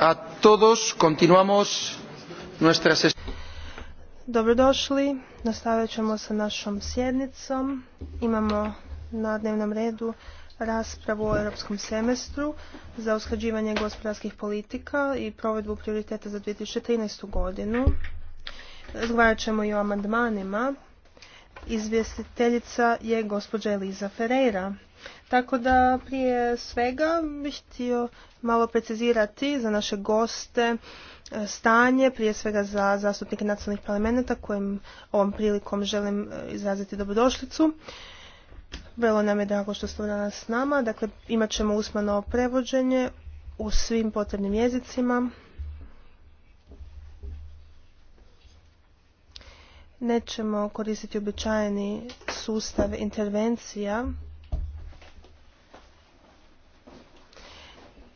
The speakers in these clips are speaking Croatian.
a todos. Continuamos nuestra Dobrodošli. Nastavit ćemo sa našom sjednicom. Imamo na dnevnom redu raspravu o europskom semestru za usklađivanje gospodarskih politika i provedbu prioriteta za 2013. godinu. Razgovarat ćemo i o amandmanima. Izvjestiteljica je gospođa Eliza Ferreira. Tako da prije svega bih htio malo precizirati za naše goste e, stanje, prije svega za zastupnike nacionalnih parlamenta kojim ovom prilikom želim e, izraziti dobrodošlicu. Vrlo nam je drago što ste danas s nama. Dakle, imat ćemo usmano prevođenje u svim potrebnim jezicima. Nećemo koristiti običajeni sustav intervencija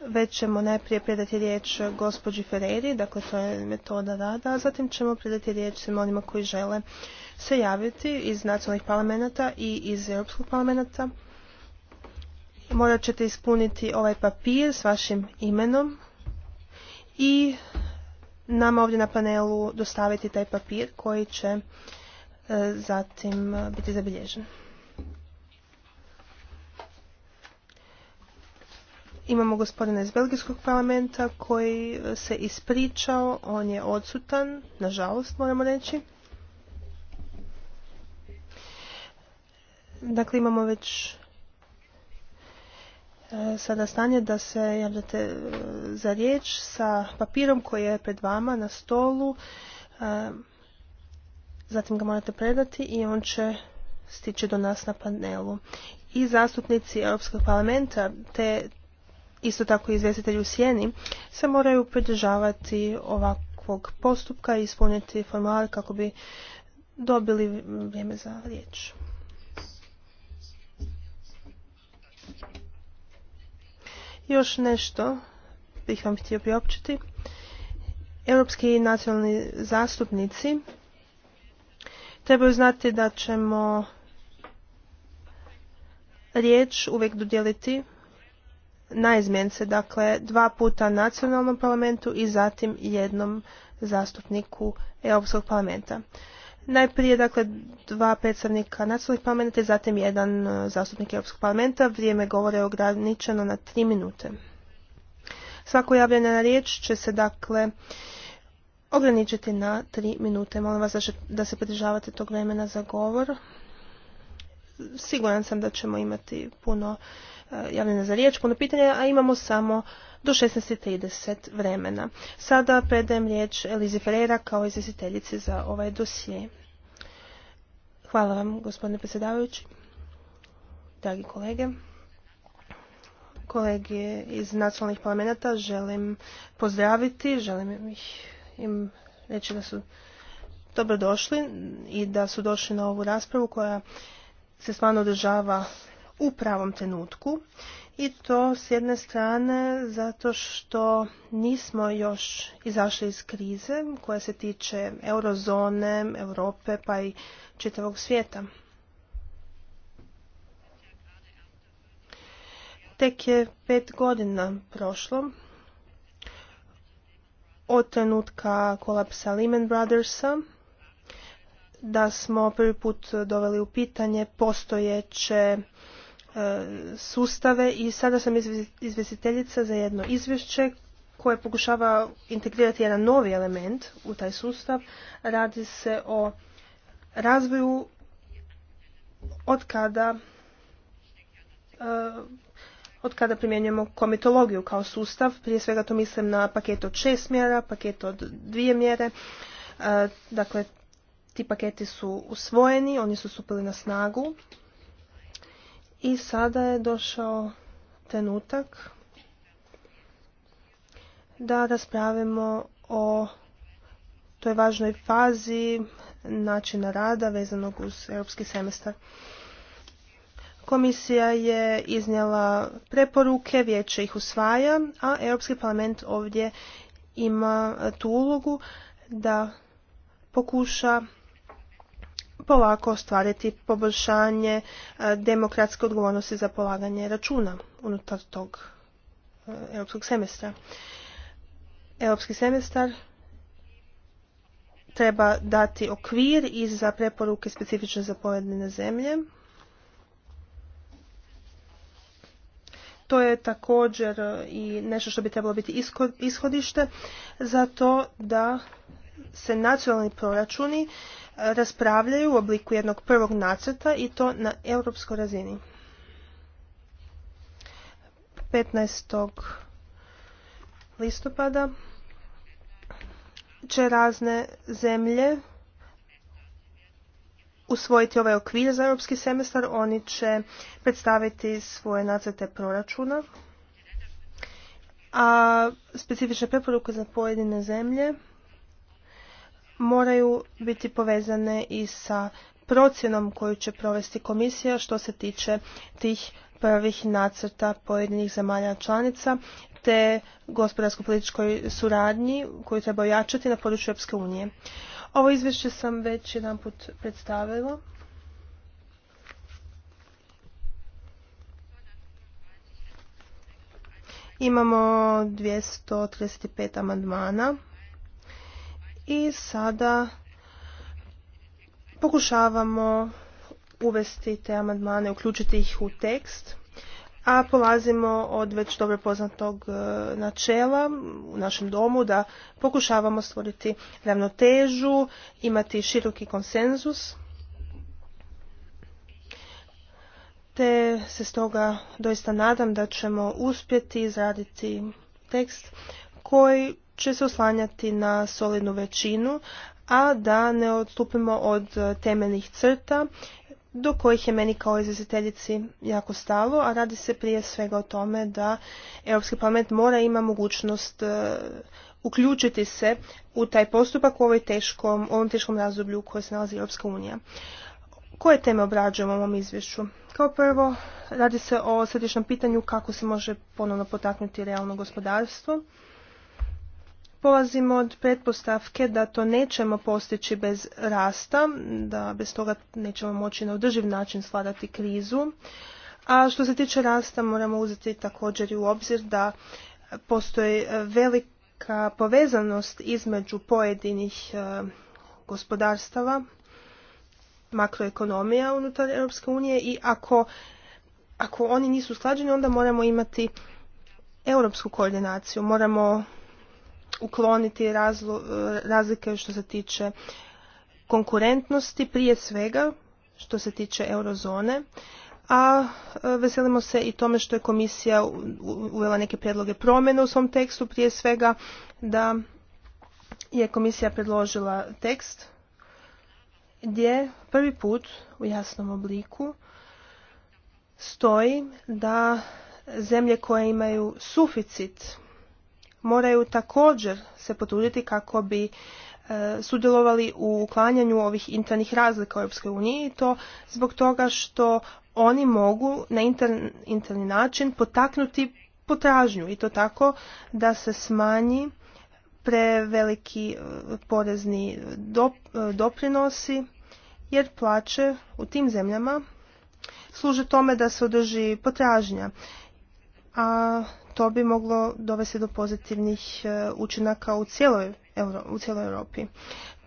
već ćemo najprije predati riječ gospođi Ferreri, dakle to je metoda rada, a zatim ćemo predati riječ svim onima koji žele se javiti iz nacionalnih parlamenta i iz Europskog parlamenta. Morat ćete ispuniti ovaj papir s vašim imenom i nama ovdje na panelu dostaviti taj papir koji će e, zatim biti zabilježen. Imamo gospodina iz Belgijskog parlamenta koji e, se ispričao, on je odsutan, nažalost moramo reći. Dakle, imamo već e, sada stanje da se javljate e, za riječ sa papirom koji je pred vama na stolu. Zatim ga morate predati i on će stići do nas na panelu. I zastupnici Europskog parlamenta te isto tako i izvjestitelji u sjeni se moraju pridržavati ovakvog postupka i ispuniti formular kako bi dobili vrijeme za riječ. Još nešto bih vam htio priopćiti. Europski nacionalni zastupnici trebaju znati da ćemo riječ uvijek dodijeliti na izmjence, dakle dva puta nacionalnom parlamentu i zatim jednom zastupniku Europskog parlamenta. Najprije dakle dva predstavnika nacionalnih parlamenta i zatim jedan e, zastupnik Europskog parlamenta. Vrijeme govore je ograničeno na tri minute. Svako javljanje na riječ će se dakle ograničiti na tri minute. Molim vas da se pridržavate tog vremena za govor. Siguran sam da ćemo imati puno javljena za riječ, puno pitanja, a imamo samo do 16.30 vremena. Sada predajem riječ Elizi Ferreira kao izvjestiteljici za ovaj dosje. Hvala vam, gospodine predsjedavajući, dragi kolege. Kolege iz nacionalnih parlamenta želim pozdraviti, želim im reći da su dobrodošli i da su došli na ovu raspravu koja se stvarno održava u pravom trenutku i to s jedne strane zato što nismo još izašli iz krize koja se tiče eurozone, Europe pa i čitavog svijeta. Tek je pet godina prošlo od trenutka kolapsa Lehman Brothersa da smo prvi put doveli u pitanje postojeće E, sustave i sada sam izvjestiteljica za jedno izvješće koje pokušava integrirati jedan novi element u taj sustav. Radi se o razvoju od kada e, od kada primjenjujemo komitologiju kao sustav. Prije svega to mislim na paket od šest mjera, paket od dvije mjere. E, dakle, ti paketi su usvojeni, oni su stupili na snagu i sada je došao trenutak da raspravimo o toj važnoj fazi načina rada vezanog uz europski semestar. Komisija je iznijela preporuke, vijeće ih usvaja, a Europski parlament ovdje ima tu ulogu da pokuša polako ostvariti poboljšanje e, demokratske odgovornosti za polaganje računa unutar tog e, europskog semestra. Europski semestar treba dati okvir i za preporuke specifične za pojedine zemlje. To je također i nešto što bi trebalo biti ishodište za to da se nacionalni proračuni raspravljaju u obliku jednog prvog nacrta i to na europskoj razini. 15. listopada će razne zemlje usvojiti ovaj okvir za europski semestar. Oni će predstaviti svoje nacrte proračuna. A specifične preporuke za pojedine zemlje moraju biti povezane i sa procjenom koju će provesti komisija što se tiče tih prvih nacrta pojedinih zemalja članica te gospodarsko-političkoj suradnji koju treba ojačati na području Europske unije. Ovo izvješće sam već jedan put predstavila. Imamo 235 amandmana i sada pokušavamo uvesti te amandmane, uključiti ih u tekst, a polazimo od već dobro poznatog e, načela u našem domu da pokušavamo stvoriti ravnotežu, imati široki konsenzus, te se stoga doista nadam da ćemo uspjeti izraditi tekst koji će se oslanjati na solidnu većinu, a da ne odstupimo od temeljnih crta do kojih je meni kao izvjestiteljici jako stalo, a radi se prije svega o tome da Europski parlament mora ima mogućnost e, uključiti se u taj postupak u ovoj ovom teškom razdoblju u kojoj se nalazi Europska unija. Koje teme obrađujemo u ovom izvješću? Kao prvo, radi se o središnjem pitanju kako se može ponovno potaknuti realno gospodarstvo polazimo od pretpostavke da to nećemo postići bez rasta, da bez toga nećemo moći na održiv način sladati krizu. A što se tiče rasta moramo uzeti također i u obzir da postoji velika povezanost između pojedinih e, gospodarstava, makroekonomija unutar Europske unije i ako, ako oni nisu usklađeni onda moramo imati europsku koordinaciju, moramo ukloniti e, razlike što se tiče konkurentnosti, prije svega što se tiče eurozone, a e, veselimo se i tome što je komisija uvela neke prijedloge promjene u svom tekstu, prije svega da je komisija predložila tekst gdje prvi put u jasnom obliku stoji da zemlje koje imaju suficit moraju također se potruditi kako bi e, sudjelovali u uklanjanju ovih internih razlika u Europskoj uniji i to zbog toga što oni mogu na interni način potaknuti potražnju i to tako da se smanji preveliki e, porezni e, doprinosi jer plaće u tim zemljama služe tome da se održi potražnja. A to bi moglo dovesti do pozitivnih e, učinaka u cijeloj, u cijeloj Europi.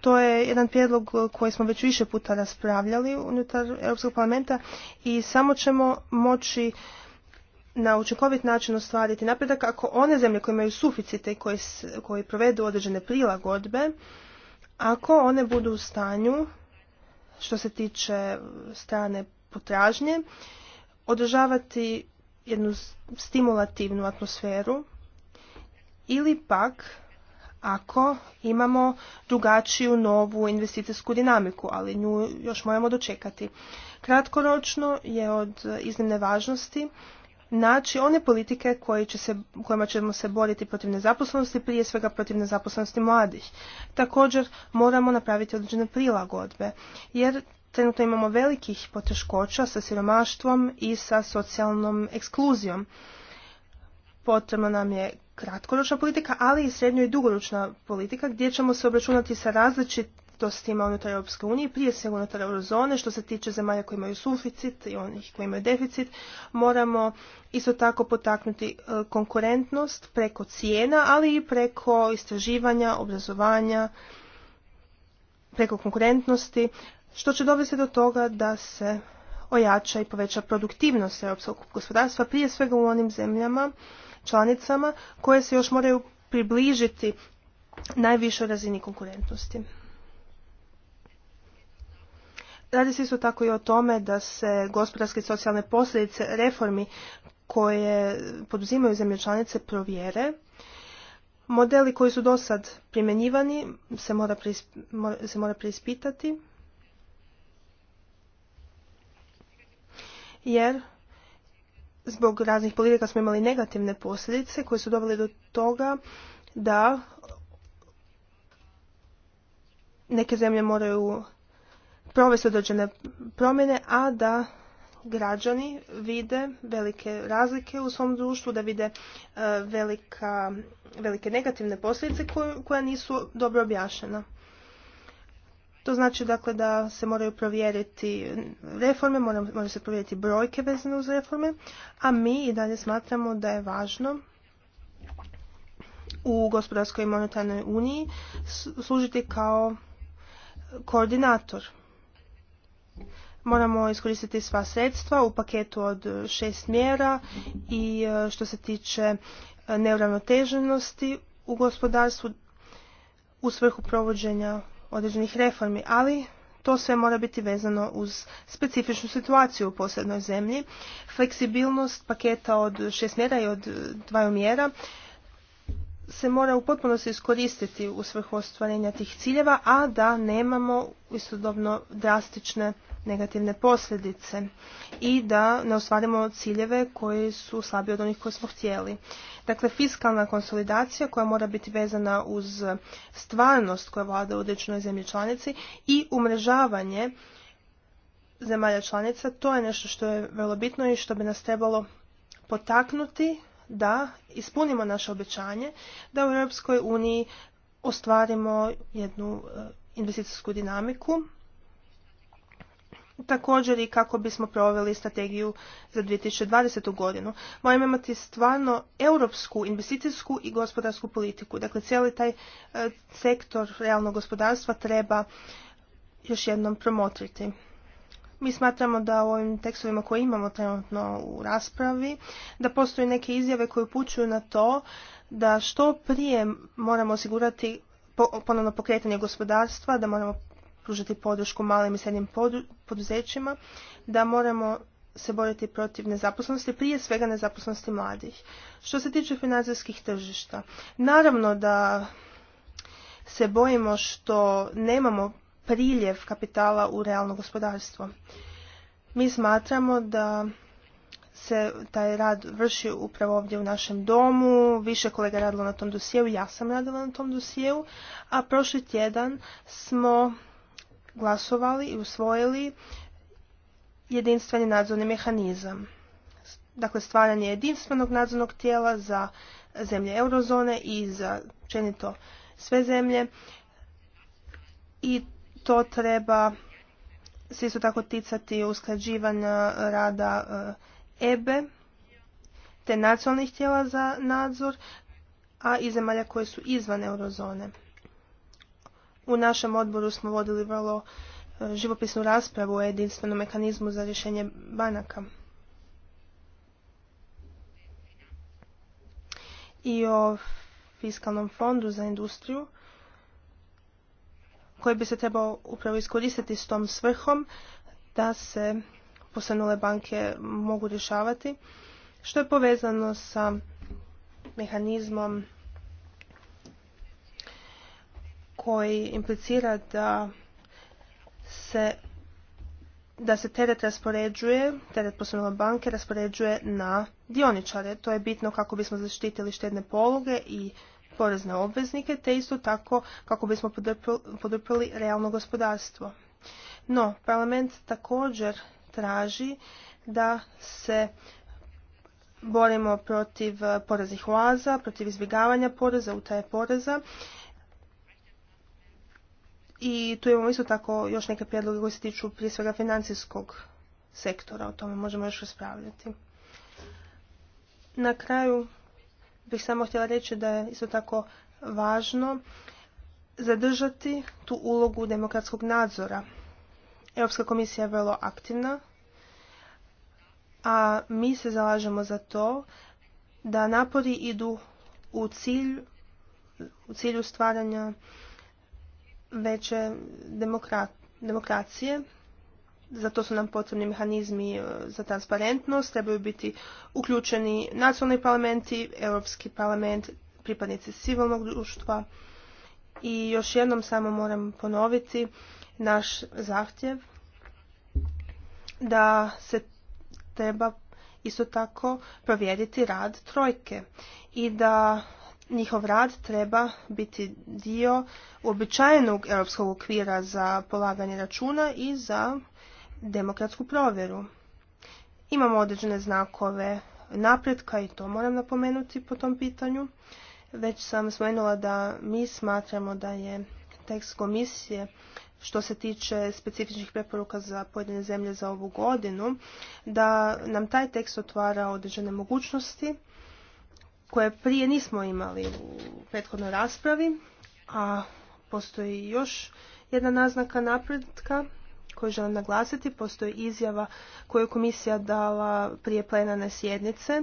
To je jedan prijedlog koji smo već više puta raspravljali unutar Europskog parlamenta i samo ćemo moći na učinkovit način ostvariti napredak ako one zemlje koje imaju suficite i koje, koje provedu određene prilagodbe, ako one budu u stanju što se tiče strane potražnje, održavati jednu stimulativnu atmosferu ili pak ako imamo drugačiju novu investicijsku dinamiku, ali nju još moramo dočekati. Kratkoročno je od iznimne važnosti naći one politike koje će se, kojima ćemo se boriti protiv nezaposlenosti, prije svega protiv nezaposlenosti mladih. Također moramo napraviti određene prilagodbe, jer trenutno imamo velikih poteškoća sa siromaštvom i sa socijalnom ekskluzijom. Potrebna nam je kratkoročna politika, ali i srednjo i dugoročna politika gdje ćemo se obračunati sa različitostima unutar Europske unije, prije svega unutar eurozone, što se tiče zemalja koje imaju suficit i onih koji imaju deficit, moramo isto tako potaknuti e, konkurentnost preko cijena, ali i preko istraživanja, obrazovanja, preko konkurentnosti, što će dovesti do toga da se ojača i poveća produktivnost europskog gospodarstva, prije svega u onim zemljama, članicama, koje se još moraju približiti najvišoj razini konkurentnosti. Radi se isto tako i o tome da se gospodarske i socijalne posljedice reformi koje poduzimaju zemlje članice provjere. Modeli koji su do sad primjenjivani se mora, se mora preispitati jer zbog raznih politika smo imali negativne posljedice koje su dovele do toga da neke zemlje moraju provesti određene promjene, a da građani vide velike razlike u svom društvu, da vide e, velika, velike negativne posljedice koje, koja nisu dobro objašnjena. To znači dakle da se moraju provjeriti reforme, moraju se provjeriti brojke vezane uz reforme, a mi i dalje smatramo da je važno u gospodarskoj i monetarnoj uniji služiti kao koordinator. Moramo iskoristiti sva sredstva u paketu od šest mjera i e, što se tiče e, neuravnoteženosti u gospodarstvu u svrhu provođenja određenih reformi, ali to sve mora biti vezano uz specifičnu situaciju u posebnoj zemlji. Fleksibilnost paketa od šest mjera i od dvaju mjera se mora u potpunosti iskoristiti u svrhu ostvarenja tih ciljeva, a da nemamo istodobno drastične negativne posljedice i da ne ostvarimo ciljeve koji su slabiji od onih koje smo htjeli. Dakle, fiskalna konsolidacija koja mora biti vezana uz stvarnost koja vlada u određenoj zemlji članici i umrežavanje zemalja članica, to je nešto što je vrlo bitno i što bi nas trebalo potaknuti da ispunimo naše obećanje da u Europskoj uniji ostvarimo jednu eh, investicijsku dinamiku također i kako bismo proveli strategiju za 2020. godinu. Moramo imati stvarno europsku investicijsku i gospodarsku politiku. Dakle, cijeli taj e, sektor realnog gospodarstva treba još jednom promotriti. Mi smatramo da u ovim tekstovima koje imamo trenutno u raspravi, da postoje neke izjave koje upućuju na to da što prije moramo osigurati ponovno pokretanje gospodarstva, da moramo pružiti podršku malim i srednjim poduzećima, da moramo se boriti protiv nezaposlenosti, prije svega nezaposlenosti mladih. Što se tiče financijskih tržišta, naravno da se bojimo što nemamo priljev kapitala u realno gospodarstvo. Mi smatramo da se taj rad vrši upravo ovdje u našem domu, više kolega radilo na tom dosijeu, ja sam radila na tom dosijeu, a prošli tjedan smo glasovali i usvojili jedinstveni nadzorni mehanizam. Dakle, stvaranje jedinstvenog nadzornog tijela za zemlje eurozone i za čenito sve zemlje i to treba se isto tako ticati usklađivanja rada e, EBE te nacionalnih tijela za nadzor, a i zemalja koje su izvan eurozone. U našem odboru smo vodili vrlo e, živopisnu raspravu o jedinstvenom mehanizmu za rješenje banaka. I o fiskalnom fondu za industriju koji bi se trebao upravo iskoristiti s tom svrhom da se posljednule banke mogu rješavati, što je povezano sa mehanizmom koji implicira da se da se teret raspoređuje, teret poslovne banke raspoređuje na dioničare. To je bitno kako bismo zaštitili štedne pologe i porezne obveznike, te isto tako kako bismo podrpili realno gospodarstvo. No, parlament također traži da se borimo protiv poreznih oaza, protiv izbjegavanja poreza, utaje poreza i tu imamo isto tako još neke prijedloge koji se tiču prije svega financijskog sektora. O tome možemo još raspravljati. Na kraju bih samo htjela reći da je isto tako važno zadržati tu ulogu demokratskog nadzora. Europska komisija je vrlo aktivna, a mi se zalažemo za to da napori idu u cilj u cilju stvaranja veće demokracije. Zato su nam potrebni mehanizmi e, za transparentnost, trebaju biti uključeni nacionalni parlamenti, Europski parlament, pripadnici civilnog društva. I još jednom samo moram ponoviti naš zahtjev da se treba isto tako provjeriti rad trojke i da njihov rad treba biti dio uobičajenog europskog okvira za polaganje računa i za demokratsku provjeru. Imamo određene znakove napretka i to moram napomenuti po tom pitanju. Već sam spomenula da mi smatramo da je tekst komisije što se tiče specifičnih preporuka za pojedine zemlje za ovu godinu, da nam taj tekst otvara određene mogućnosti koje prije nismo imali u prethodnoj raspravi, a postoji još jedna naznaka napretka koju želim naglasiti. Postoji izjava koju je komisija dala prije plenarne sjednice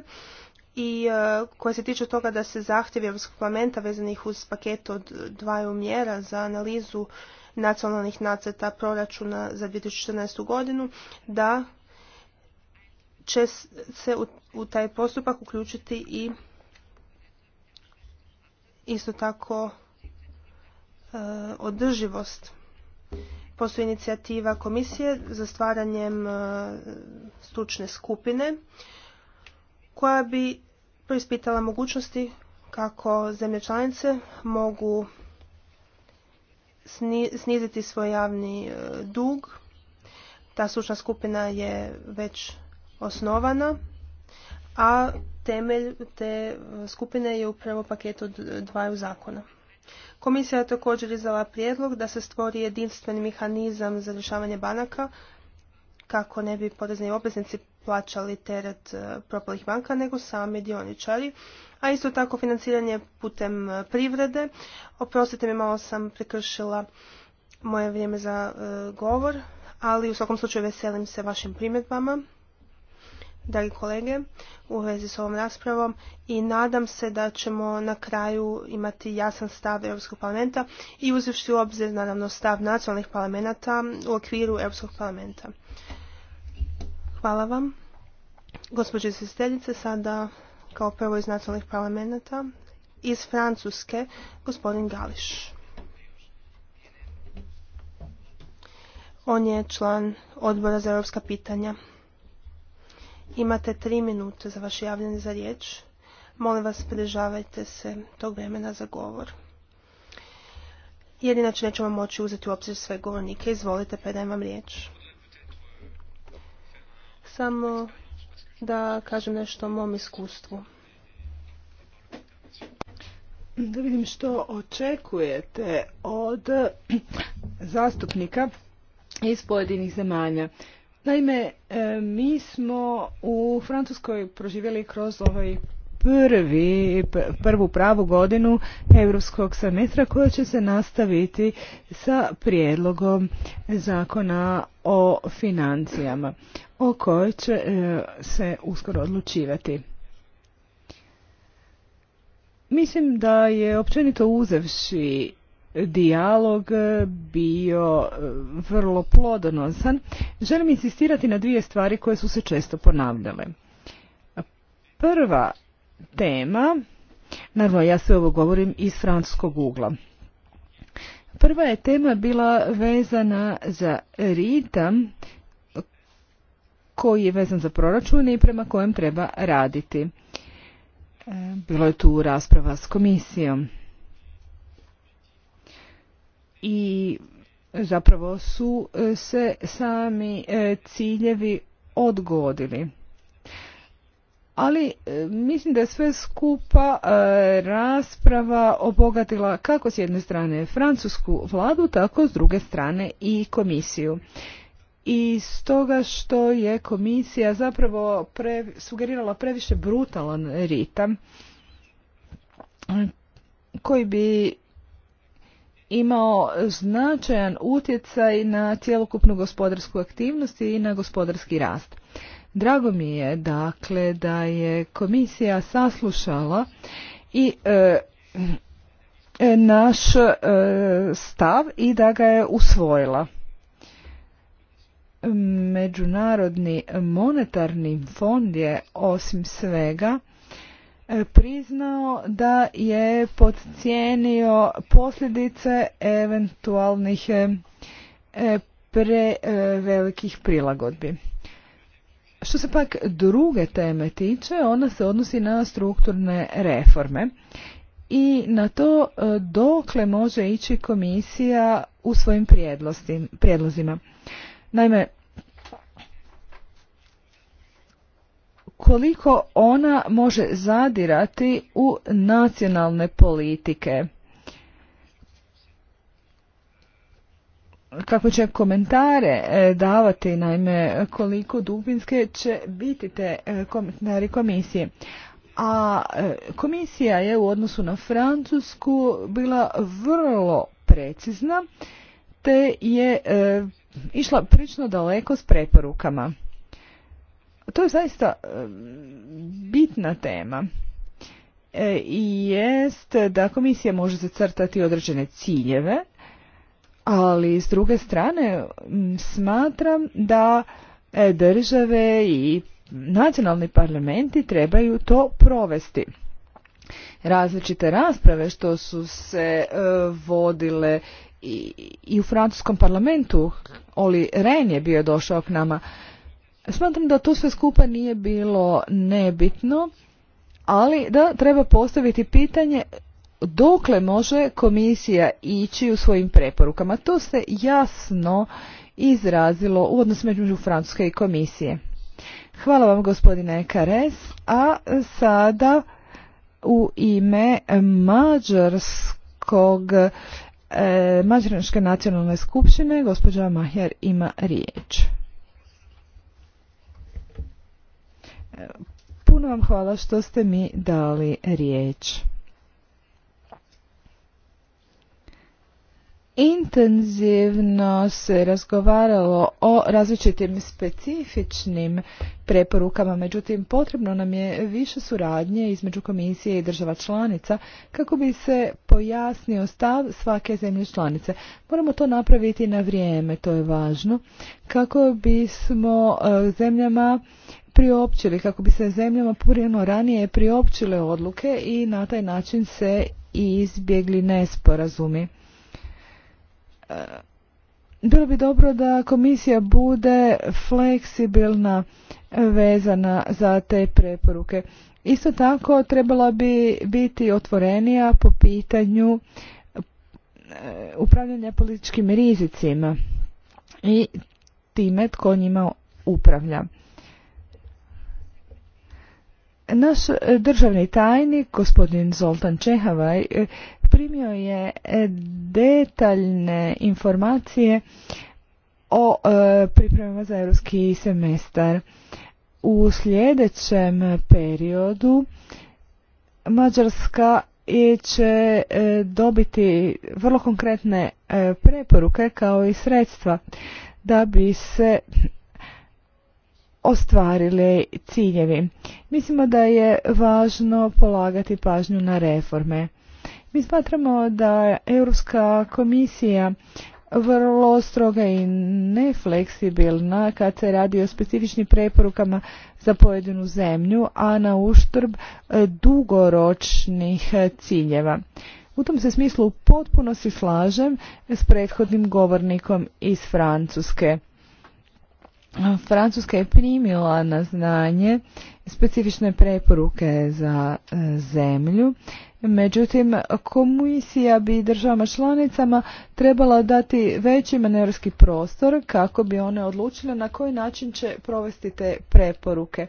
i e, koja se tiče toga da se zahtjevi Europskog parlamenta vezanih uz paket od dvaju mjera za analizu nacionalnih naceta proračuna za 2014. godinu, da će se u taj postupak uključiti i isto tako e, održivost. Postoji inicijativa komisije za stvaranjem e, stručne skupine koja bi prispitala mogućnosti kako zemlje članice mogu sniziti svoj javni e, dug. Ta stručna skupina je već osnovana, a temelj te skupine je upravo paket od dvaju zakona. Komisija je također izdala prijedlog da se stvori jedinstveni mehanizam za rješavanje banaka kako ne bi porezni obveznici plaćali teret e, propalih banka, nego sami dioničari. A isto tako financiranje putem e, privrede. Oprostite mi, malo sam prekršila moje vrijeme za e, govor, ali u svakom slučaju veselim se vašim primjedbama dragi kolege, u vezi s ovom raspravom i nadam se da ćemo na kraju imati jasan stav Europskog parlamenta i uzevši u obzir naravno stav nacionalnih parlamenta u okviru Europskog parlamenta. Hvala vam. Gospođo izvjestiteljice, sada kao prvo iz nacionalnih parlamenta, iz Francuske, gospodin Gališ. On je član odbora za europska pitanja. Imate tri minute za vaše javljanje za riječ. Molim vas, pridržavajte se tog vremena za govor. Jer inače nećemo moći uzeti u obzir sve govornike. Izvolite, predajem vam riječ. Samo da kažem nešto o mom iskustvu. Da vidim što očekujete od zastupnika iz pojedinih zemalja. Naime, e, mi smo u Francuskoj proživjeli kroz ovaj prvi, prvu pravu godinu europskog semestra koja će se nastaviti sa prijedlogom zakona o financijama o kojoj će e, se uskoro odlučivati. Mislim da je općenito uzevši dijalog e, bio e, vrlo plodonosan, želim insistirati na dvije stvari koje su se često ponavljale. Prva tema, naravno ja sve ovo govorim iz francuskog ugla. Prva je tema bila vezana za ritam koji je vezan za proračun i prema kojem treba raditi. E, bilo je tu rasprava s komisijom i zapravo su e, se sami e, ciljevi odgodili. Ali e, mislim da je sve skupa rasprava obogatila kako s jedne strane francusku vladu, tako s druge strane i komisiju. I stoga što je komisija zapravo sugerirala previše brutalan ritam koji bi imao značajan utjecaj na cjelokupnu gospodarsku aktivnost i na gospodarski rast. Drago mi je dakle da je komisija saslušala i e, naš e, stav i da ga je usvojila. Međunarodni monetarni fond je osim svega E, priznao da je podcijenio posljedice eventualnih e, e, prevelikih prilagodbi. Što se pak druge teme tiče, ona se odnosi na strukturne reforme i na to dokle može ići komisija u svojim prijedlozima. Naime, koliko ona može zadirati u nacionalne politike. Kako će komentare e, davati, naime, koliko dubinske će biti te e, komentari komisije. A e, komisija je u odnosu na Francusku bila vrlo precizna, te je išla prilično daleko s preporukama. To je zaista e, bitna tema. E, I jest da komisija može zacrtati određene ciljeve, ali s druge strane smatram da e, države i nacionalni parlamenti trebaju to provesti. Različite rasprave što su se vodile i, u francuskom parlamentu, Oli Ren je bio došao k nama Smatram da to sve skupa nije bilo nebitno, ali da treba postaviti pitanje dokle može komisija ići u svojim preporukama. To se jasno izrazilo u odnosu među Francuske i komisije. Hvala vam gospodine Kares, a sada u ime mađarskog eh, Mađarske nacionalne skupštine gospođa Maher ima riječ. Puno vam hvala što ste mi dali riječ. Intenzivno se razgovaralo o različitim specifičnim preporukama, međutim potrebno nam je više suradnje između komisije i država članica kako bi se pojasnio stav svake zemlje članice. Moramo to napraviti na vrijeme, to je važno, kako bismo e, zemljama priopćili, kako bi se zemljama purjeno ranije priopćile odluke i na taj način se izbjegli nesporazumi. E, bilo bi dobro da komisija bude fleksibilna vezana za te preporuke. Isto tako trebala bi biti otvorenija po pitanju e, upravljanja političkim rizicima i time tko njima upravlja. Naš e, državni tajnik, gospodin Zoltan Čehavaj, e, primio je e, detaljne informacije o pripremama za europski semestar. U sljedećem periodu Mađarska će dobiti vrlo konkretne preporuke kao i sredstva da bi se ostvarili ciljevi. Mislimo da je važno polagati pažnju na reforme. Mi smatramo da Europska komisija vrlo stroga i nefleksibilna kad se radi o specifičnim preporukama za pojedinu zemlju, a na uštrb e, dugoročnih e, ciljeva. U tom se smislu potpuno si slažem s prethodnim govornikom iz Francuske. Francuska je primila na znanje specifične preporuke za e, zemlju, međutim komisija bi državama članicama trebala dati veći manevrski prostor kako bi one odlučile na koji način će provesti te preporuke.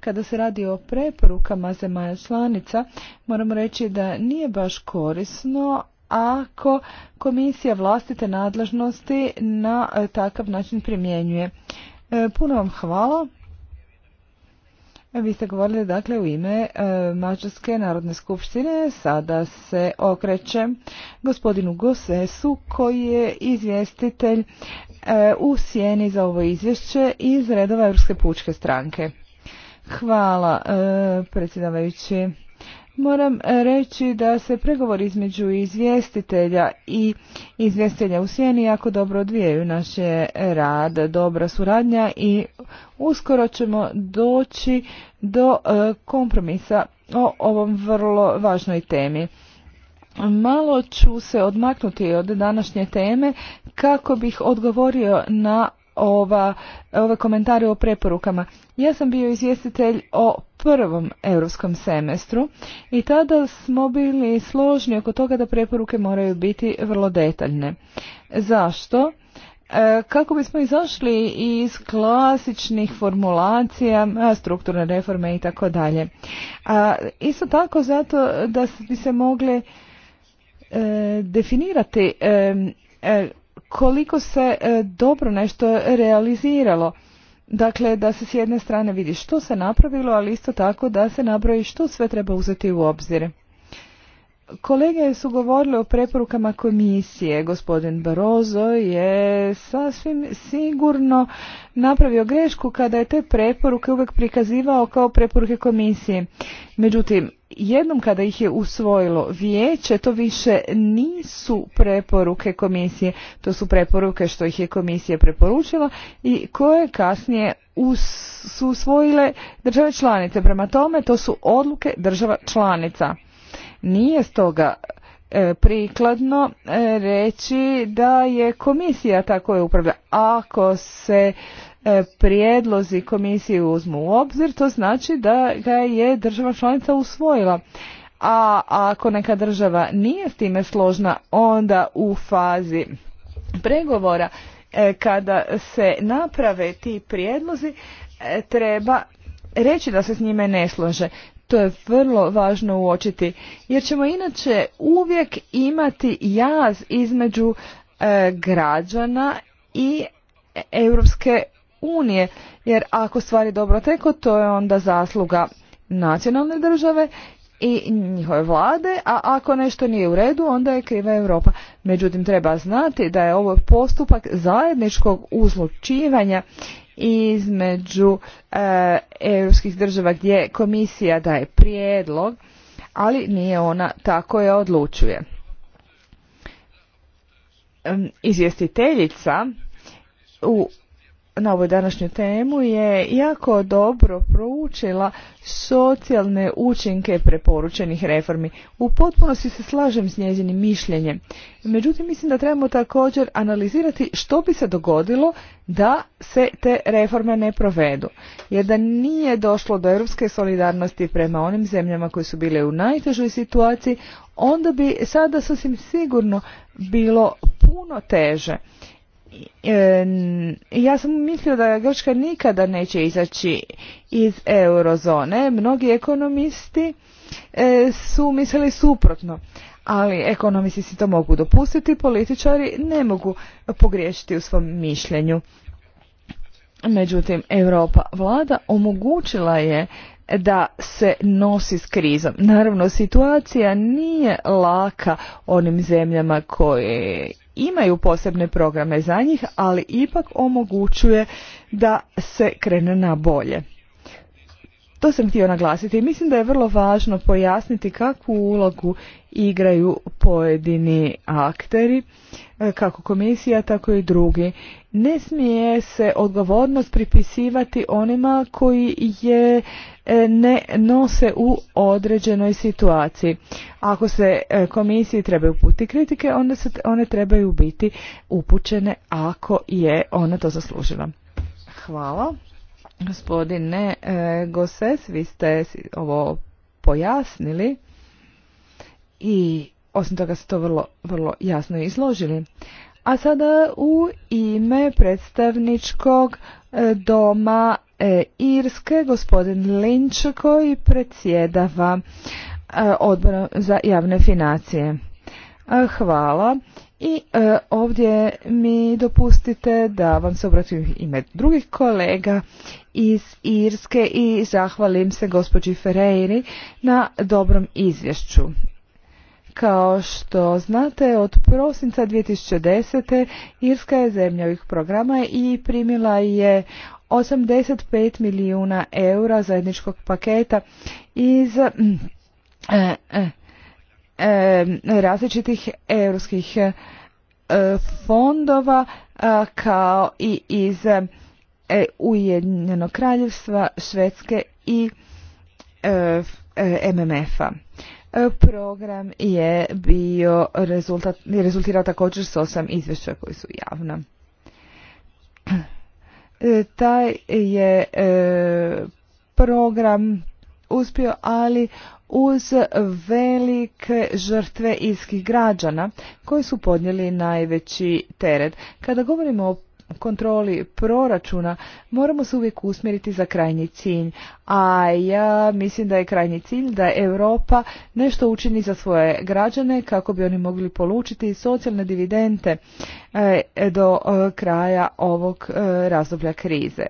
Kada se radi o preporukama zemalja članica, moramo reći da nije baš korisno ako komisija vlastite nadležnosti na e, takav način primjenjuje. E, puno vam hvala. Vi ste govorili dakle u ime e, Mađarske narodne skupštine. Sada se okreće gospodinu Gosesu koji je izvjestitelj e, u sjeni za ovo izvješće iz redova Europske pučke stranke. Hvala predsjedavajući. Moram e, reći da se pregovor između izvjestitelja i izvjestitelja u sjeni jako dobro odvijaju naše rad, dobra suradnja i uskoro ćemo doći do e, kompromisa o ovom vrlo važnoj temi. Malo ću se odmaknuti od današnje teme kako bih odgovorio na ova, ove komentare o preporukama. Ja sam bio izvjestitelj o prvom europskom semestru i tada smo bili složni oko toga da preporuke moraju biti vrlo detaljne. Zašto? E, kako bismo izašli iz klasičnih formulacija, strukturne reforme i tako dalje. Isto tako zato da bi se mogle e, definirati e, koliko se e, dobro nešto realiziralo. Dakle, da se s jedne strane vidi što se napravilo, ali isto tako da se nabroji što sve treba uzeti u obzir. Kolege su govorile o preporukama komisije. Gospodin Barozo je sasvim sigurno napravio grešku kada je te preporuke uvek prikazivao kao preporuke komisije. Međutim, jednom kada ih je usvojilo vijeće, to više nisu preporuke komisije, to su preporuke što ih je komisija preporučila i koje kasnije su usvojile države članice. Prema tome, to su odluke država članica. Nije stoga e, prikladno e, reći da je komisija tako je upravlja. Ako se E, prijedlozi komisije uzmu u obzir, to znači da ga je država članica usvojila. A ako neka država nije s time složna, onda u fazi pregovora e, kada se naprave ti prijedlozi e, treba reći da se s njime ne slože. To je vrlo važno uočiti jer ćemo inače uvijek imati jaz između građana i Europske unije, jer ako stvari dobro teko, to je onda zasluga nacionalne države i njihove vlade, a ako nešto nije u redu, onda je kriva Europa. Međutim, treba znati da je ovo postupak zajedničkog uzlučivanja između e, europskih država gdje komisija daje prijedlog, ali nije ona tako je odlučuje. Izvjestiteljica u na ovoj današnju temu je jako dobro proučila socijalne učinke preporučenih reformi. U potpunosti se slažem s njezinim mišljenjem. Međutim, mislim da trebamo također analizirati što bi se dogodilo da se te reforme ne provedu. Jer da nije došlo do europske solidarnosti prema onim zemljama koje su bile u najtežoj situaciji, onda bi sada sasvim sigurno bilo puno teže ja sam mislila da Grčka nikada neće izaći iz eurozone. Mnogi ekonomisti e, su mislili suprotno. Ali ekonomisti si to mogu dopustiti, političari ne mogu pogriješiti u svom mišljenju. Međutim, Europa vlada omogućila je da se nosi s krizom. Naravno, situacija nije laka onim zemljama koje imaju posebne programe za njih, ali ipak omogućuje da se krene na bolje. To sam htio naglasiti. Mislim da je vrlo važno pojasniti kakvu ulogu igraju pojedini akteri, e, kako komisija, tako i drugi. Ne smije se odgovornost pripisivati onima koji je e, ne nose u određenoj situaciji. Ako se e, komisiji trebaju uputiti kritike, onda se one trebaju biti upućene ako je ona to zaslužila. Hvala. Gospodine e, Goses, vi ste ovo pojasnili i osim toga ste to vrlo, vrlo jasno izložili. A sada u ime predstavničkog e, doma e, Irske, gospodin Lynch koji predsjedava odborom za javne financije. Hvala. I e, ovdje mi dopustite da vam se obratim ime drugih kolega iz Irske i zahvalim se gospođi Ferreiri na dobrom izvješću. Kao što znate, od prosinca 2010. Irska je zemlja ovih programa i primila je 85 milijuna eura zajedničkog paketa iz... E, e, E, različitih europskih e, fondova e, kao i iz Ujedinjenog kraljevstva, Švedske i MMF-a. Program je bio rezultat, rezultirao također s osam izvješća koji su javna. Taj je program uspio, ali uz velike žrtve iskih građana koji su podnijeli najveći teret. Kada govorimo o kontroli proračuna moramo se uvijek usmjeriti za krajnji cilj, a ja mislim da je krajnji cilj da Europa nešto učini za svoje građane kako bi oni mogli polučiti socijalne dividende e, do e, kraja ovog e, razdoblja krize.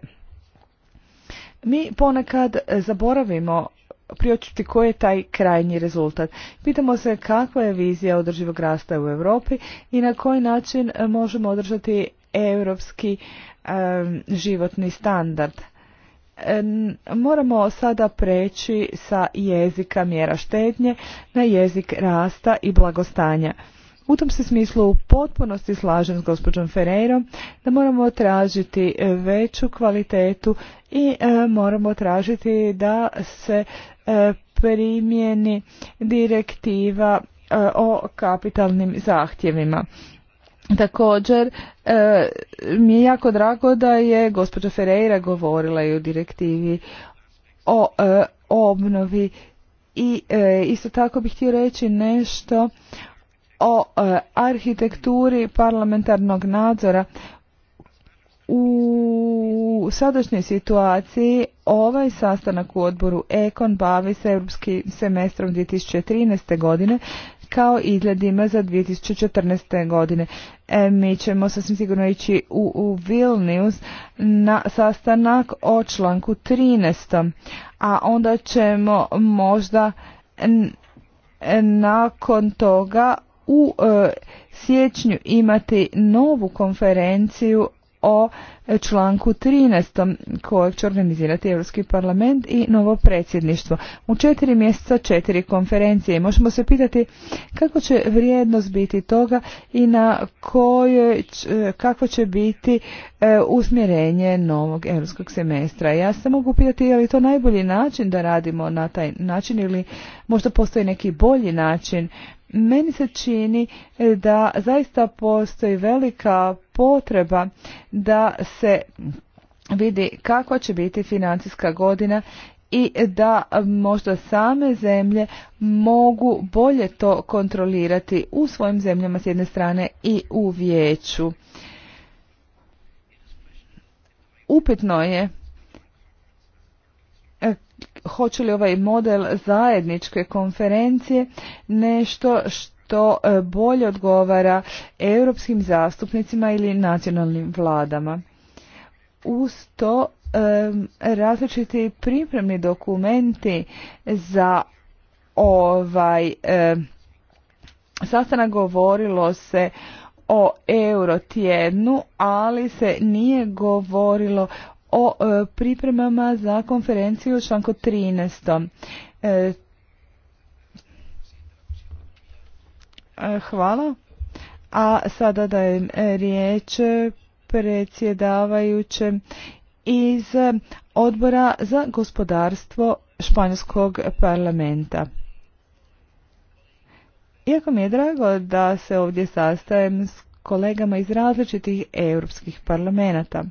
Mi ponekad e, zaboravimo priočiti koji je taj krajnji rezultat. Pitamo se kakva je vizija održivog rasta u Europi i na koji način e, možemo održati europski e, životni standard. moramo sada preći sa jezika mjera štednje na jezik rasta i blagostanja. U tom se smislu u potpunosti slažem s gospođom Ferreirom da moramo tražiti e, veću kvalitetu i e, moramo tražiti da se e, primijeni direktiva o kapitalnim zahtjevima. Također mi je jako drago da je gospođa Ferreira govorila i o direktivi o, obnovi i isto tako bih htio reći nešto o e, arhitekturi parlamentarnog nadzora u sadašnjoj situaciji ovaj sastanak u odboru Ekon bavi se europskim semestrom 2013. godine kao izgledima za 2014. godine. E, mi ćemo sasvim sigurno ići u, u Vilnius na sastanak o članku 13. A onda ćemo možda nakon toga u e, siječnju imati novu konferenciju o članku 13. kojeg će organizirati Europski parlament i novo predsjedništvo. U četiri mjeseca četiri konferencije. Možemo se pitati kako će vrijednost biti toga i na koje, kako će biti e, usmjerenje novog europskog semestra. Ja se mogu pitati je li to najbolji način da radimo na taj način ili možda postoji neki bolji način meni se čini e, da zaista postoji velika potreba da se vidi kako će biti financijska godina i da možda same zemlje mogu bolje to kontrolirati u svojim zemljama s jedne strane i u vijeću. Upitno je hoće li ovaj model zajedničke konferencije nešto što e, bolje odgovara europskim zastupnicima ili nacionalnim vladama. Uz to e, različiti pripremni dokumenti za ovaj e, sastanak govorilo se o euro tjednu, ali se nije govorilo o e, pripremama za konferenciju članko 13. E, e, hvala. A sada dajem riječ predsjedavajućem iz odbora za gospodarstvo Španjolskog parlamenta. Iako mi je drago da se ovdje sastajem s kolegama iz različitih europskih parlamenta.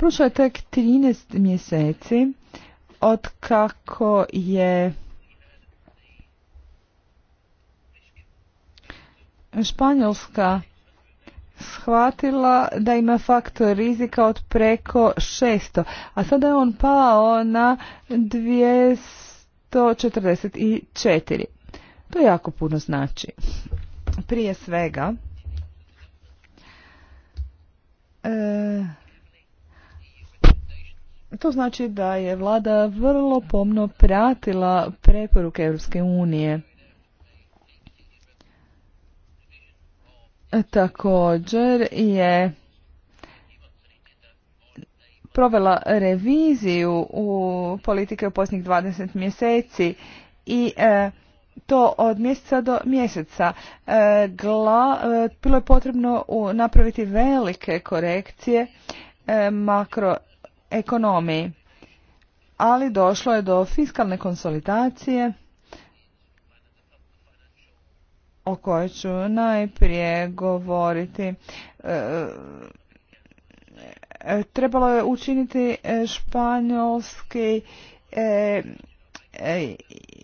Prošlo je tek 13 mjeseci od kako je Španjolska shvatila da ima faktor rizika od preko 600, a sada je on pao na 244. To jako puno znači. Prije svega, e, to znači da je vlada vrlo pomno pratila preporuke Europske unije. Također je provela reviziju u politike u posljednjih 20 mjeseci i e, to od mjeseca do mjeseca. E, e, bilo je potrebno napraviti velike korekcije makro ekonomiji. Ali došlo je do fiskalne konsolidacije o kojoj ću najprije govoriti. E, e, trebalo je učiniti e, španjolski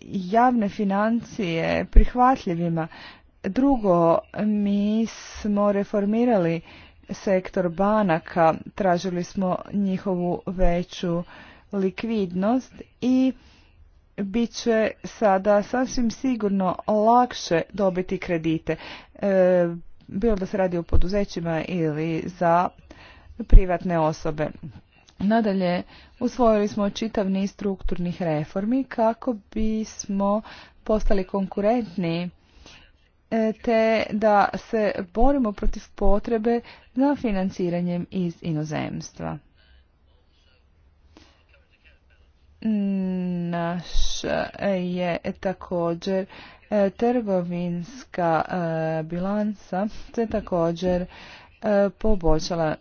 javne financije prihvatljivima. Drugo, mi smo reformirali sektor banaka, tražili smo njihovu veću likvidnost i bit će sada sasvim sigurno lakše dobiti kredite. E, bilo da se radi o poduzećima ili za privatne osobe. Nadalje, usvojili smo čitav niz strukturnih reformi kako bismo postali konkurentni E, te da se borimo protiv potrebe za financiranjem iz inozemstva. Naš je također e, trgovinska e, bilanca se također poboljšala.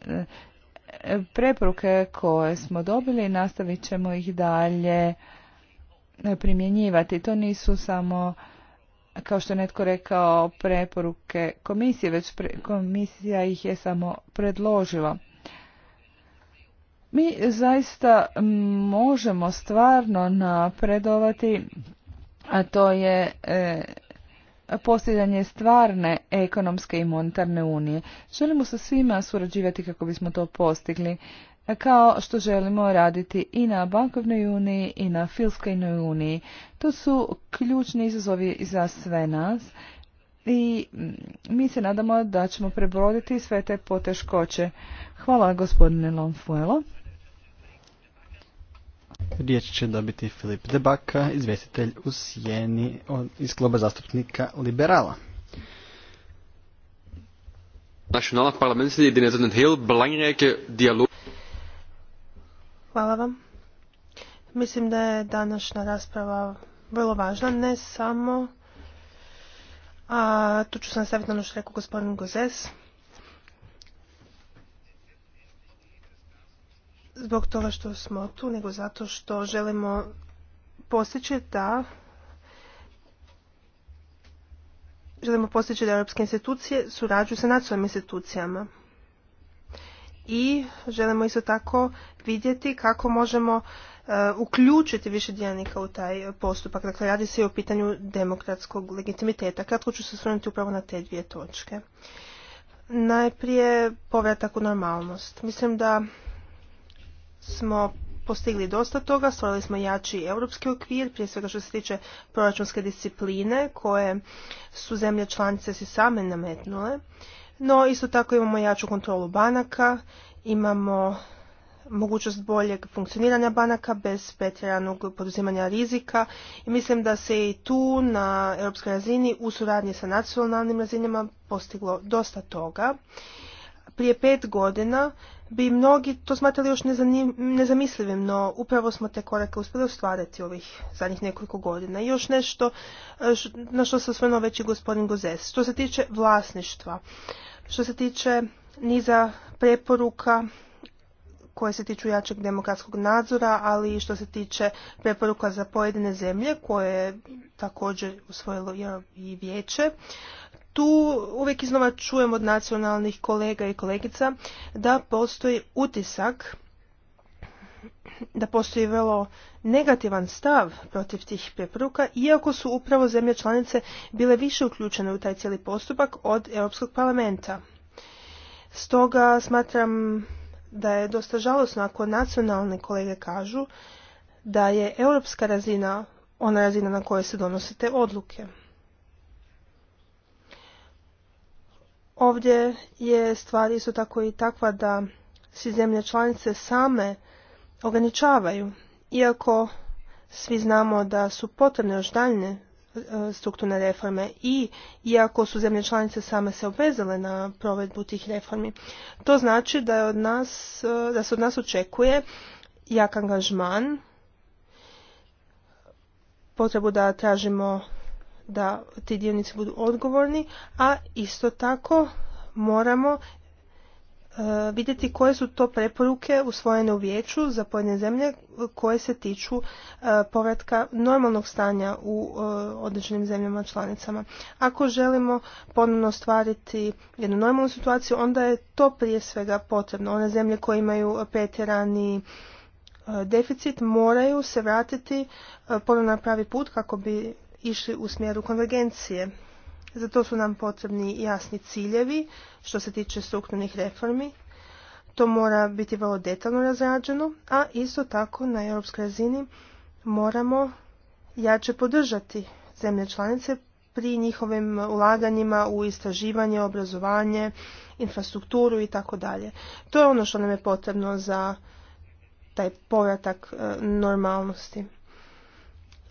Preporuke koje smo dobili nastavit ćemo ih dalje primjenjivati. To nisu samo kao što je netko rekao, preporuke komisije, već komisija ih je samo predložila. Mi zaista možemo stvarno napredovati, a to je e, postizanje stvarne ekonomske i monetarne unije. Želimo sa svima surađivati kako bismo to postigli kao što želimo raditi i na bankovnoj uniji i na filskajnoj uniji. To su ključni izazovi za sve nas i mi se nadamo da ćemo prebroditi sve te poteškoće. Hvala gospodine Lomfuelo. Riječ će dobiti Filip Debaka, izvjestitelj u Sijeni iz kluba zastupnika Liberala. Nacionalna belangrijke Hvala vam. Mislim da je današnja rasprava vrlo važna, ne samo, a tu ću se nastaviti na ono što rekao gospodin Gozes, zbog toga što smo tu, nego zato što želimo postići da želimo postići da europske institucije surađuju sa nacionalnim institucijama i želimo isto tako vidjeti kako možemo e, uključiti više dionika u taj postupak. Dakle, radi se i o pitanju demokratskog legitimiteta. Kratko ću se osvrnuti upravo na te dvije točke. Najprije povratak u normalnost. Mislim da smo postigli dosta toga, stvorili smo jači europski okvir, prije svega što se tiče proračunske discipline koje su zemlje članice si same nametnule no isto tako imamo jaču kontrolu banaka, imamo mogućnost boljeg funkcioniranja banaka bez pretjeranog poduzimanja rizika i mislim da se i tu na europskoj razini u suradnji sa nacionalnim razinama postiglo dosta toga. Prije pet godina bi mnogi to smatrali još nezamislivim, no upravo smo te korake uspjeli ostvariti ovih zadnjih nekoliko godina. I još nešto na što se osvrnuo već i gospodin Gozes. Što se tiče vlasništva, što se tiče niza preporuka koje se tiču jačeg demokratskog nadzora, ali i što se tiče preporuka za pojedine zemlje koje je također usvojilo i vijeće. Tu uvijek iznova čujem od nacionalnih kolega i kolegica da postoji utisak da postoji vrlo negativan stav protiv tih preporuka, iako su upravo zemlje članice bile više uključene u taj cijeli postupak od Europskog parlamenta. Stoga smatram da je dosta žalosno ako nacionalne kolege kažu da je europska razina ona razina na kojoj se donose te odluke. Ovdje je stvar isto tako i takva da si zemlje članice same ograničavaju. Iako svi znamo da su potrebne još daljne e, strukturne reforme i iako su zemlje članice same se obvezale na provedbu tih reformi. To znači da, od nas, e, da se od nas očekuje jak angažman, potrebu da tražimo da ti dionici budu odgovorni, a isto tako moramo E, vidjeti koje su to preporuke usvojene u vijeću za pojedine zemlje koje se tiču e, povratka normalnog stanja u e, određenim zemljama članicama. Ako želimo ponovno ostvariti jednu normalnu situaciju, onda je to prije svega potrebno. One zemlje koje imaju pretjerani deficit moraju se vratiti ponovno na pravi put kako bi išli u smjeru konvergencije zato su nam potrebni jasni ciljevi što se tiče strukturnih reformi. To mora biti vrlo detaljno razrađeno, a isto tako na europskoj razini moramo jače podržati zemlje članice pri njihovim ulaganjima u istraživanje, obrazovanje, infrastrukturu i tako dalje. To je ono što nam je potrebno za taj povratak e, normalnosti.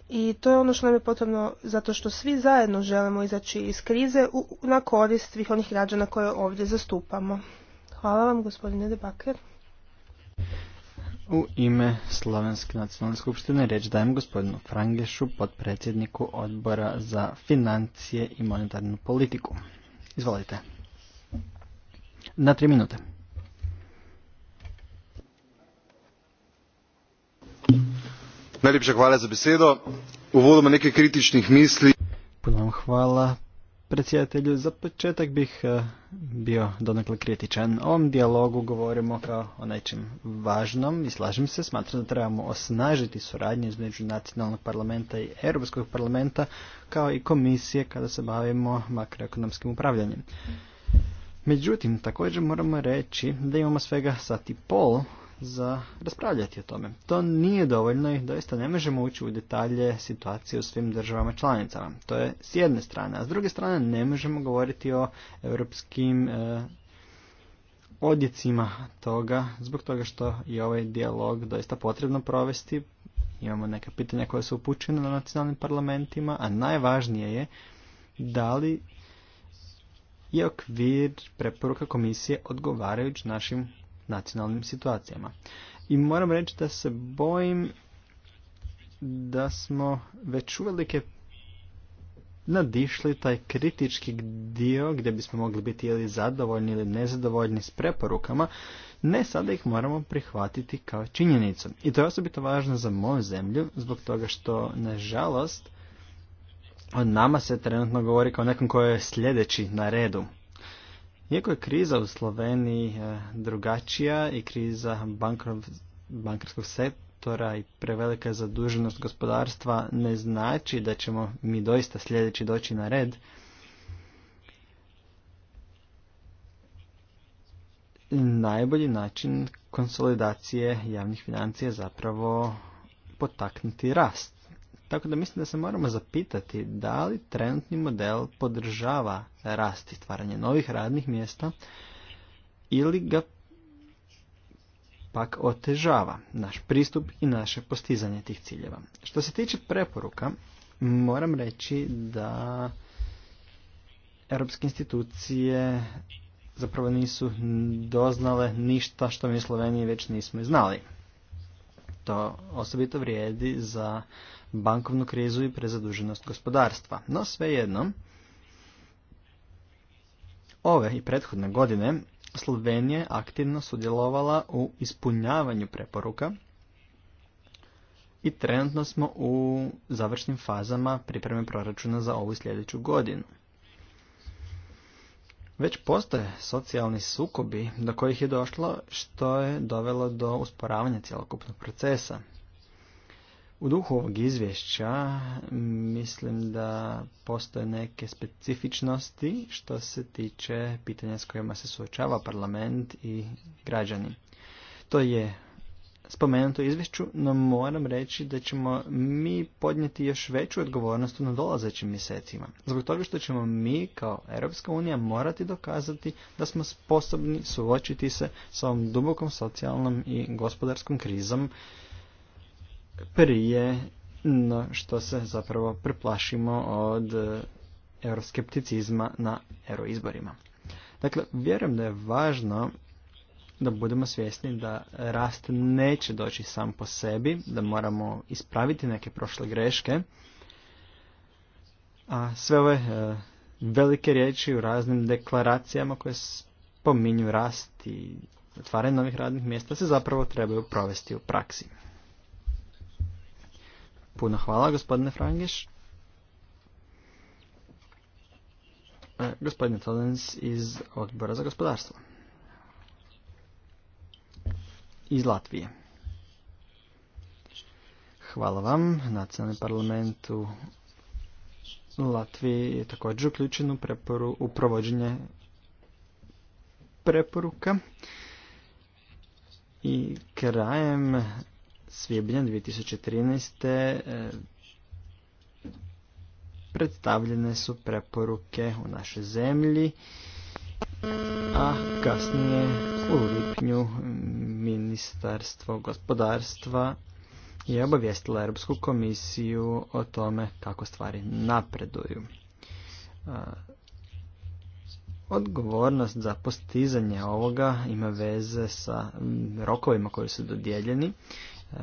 I to je ono što nam je potrebno zato što svi zajedno želimo izaći iz krize na korist svih onih građana koje ovdje zastupamo. Hvala vam gospodine Debaker. U ime Slovenske nacionalne skupštine riječ dajem gospodinu Frangešu, podpredsjedniku odbora za financije i monetarnu politiku. Izvolite. Na tri minute. Najljepša hvala za besedo. Uvodimo neke kritičnih misli. Puno vam hvala predsjedatelju. Za početak bih eh, bio donekle kritičan. O ovom dijalogu govorimo kao o nečem važnom i slažem se. Smatram da trebamo osnažiti suradnje između nacionalnog parlamenta i Europskog parlamenta kao i komisije kada se bavimo makroekonomskim upravljanjem. Međutim, također moramo reći da imamo svega sat i pol za raspravljati o tome. To nije dovoljno i doista ne možemo ući u detalje situacije u svim državama članicama. To je s jedne strane, a s druge strane ne možemo govoriti o europskim e, odjecima toga, zbog toga što je ovaj dijalog doista potrebno provesti. Imamo neka pitanja koja su upućena na nacionalnim parlamentima, a najvažnije je da li je okvir preporuka komisije odgovarajući našim nacionalnim situacijama. I moram reći da se bojim da smo već uvelike nadišli taj kritički dio gdje bismo mogli biti ili zadovoljni ili nezadovoljni s preporukama, ne sada ih moramo prihvatiti kao činjenicu. I to je osobito važno za moju zemlju, zbog toga što, nažalost, od nama se trenutno govori kao nekom koji je sljedeći na redu. Iako je kriza u Sloveniji eh, drugačija i kriza bankarskog sektora i prevelika zaduženost gospodarstva ne znači da ćemo mi doista sljedeći doći na red. Najbolji način konsolidacije javnih financija je zapravo potaknuti rast. Tako da mislim da se moramo zapitati da li trenutni model podržava rast i stvaranje novih radnih mjesta ili ga pak otežava naš pristup i naše postizanje tih ciljeva. Što se tiče preporuka, moram reći da europske institucije zapravo nisu doznale ništa što mi u Sloveniji već nismo i znali. To osobito vrijedi za bankovnu krizu i prezaduženost gospodarstva. No svejedno, ove i prethodne godine Slovenija je aktivno sudjelovala u ispunjavanju preporuka i trenutno smo u završnim fazama pripreme proračuna za ovu sljedeću godinu. Već postoje socijalni sukobi do kojih je došlo što je dovelo do usporavanja cjelokupnog procesa. U duhu ovog izvješća mislim da postoje neke specifičnosti što se tiče pitanja s kojima se suočava parlament i građani. To je spomenuto izvješću, no moram reći da ćemo mi podnijeti još veću odgovornost u nadolazećim mjesecima. Zbog toga što ćemo mi kao Europska unija morati dokazati da smo sposobni suočiti se s ovom dubokom socijalnom i gospodarskom krizom prije no što se zapravo preplašimo od e, euroskepticizma na euroizborima. Dakle, vjerujem da je važno da budemo svjesni da rast neće doći sam po sebi, da moramo ispraviti neke prošle greške. A sve ove e, velike riječi u raznim deklaracijama koje spominju rast i otvaranje novih radnih mjesta se zapravo trebaju provesti u praksi. Puno hvala, gospodine Frangeš. E, gospodine Tolens iz odbora za gospodarstvo. Iz Latvije. Hvala vam. Nacionalni parlament u Latviji je također uključen preporu, u provođenje preporuka. I krajem svibnja 2013. Eh, predstavljene su preporuke u našoj zemlji, a kasnije u lipnju Ministarstvo gospodarstva je obavijestilo Europsku komisiju o tome kako stvari napreduju. Eh, odgovornost za postizanje ovoga ima veze sa rokovima koji su dodijeljeni E,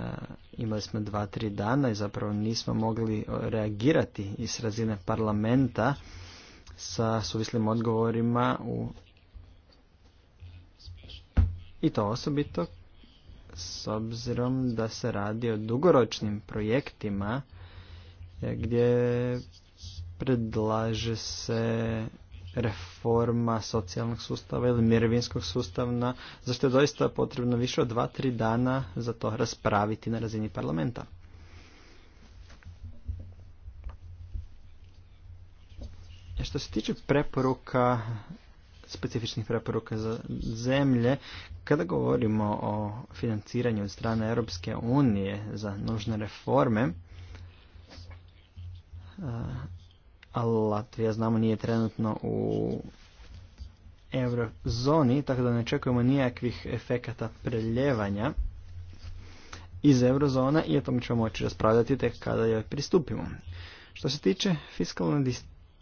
imali smo dva, tri dana i zapravo nismo mogli e, reagirati iz razine parlamenta sa suvislim odgovorima u i to osobito s obzirom da se radi o dugoročnim projektima e, gdje predlaže se reforma socijalnog sustava ili mirovinskog sustava, zašto je doista potrebno više od dva-tri dana za to raspraviti na razini parlamenta. E, što se tiče preporuka, specifičnih preporuka za zemlje, kada govorimo o financiranju od strane Europske unije za nužne reforme, Latvija znamo nije trenutno u eurozoni, tako da ne očekujemo nijakvih efekata preljevanja iz eurozona i o tom ćemo moći raspravljati tek kada joj pristupimo. Što se tiče fiskalne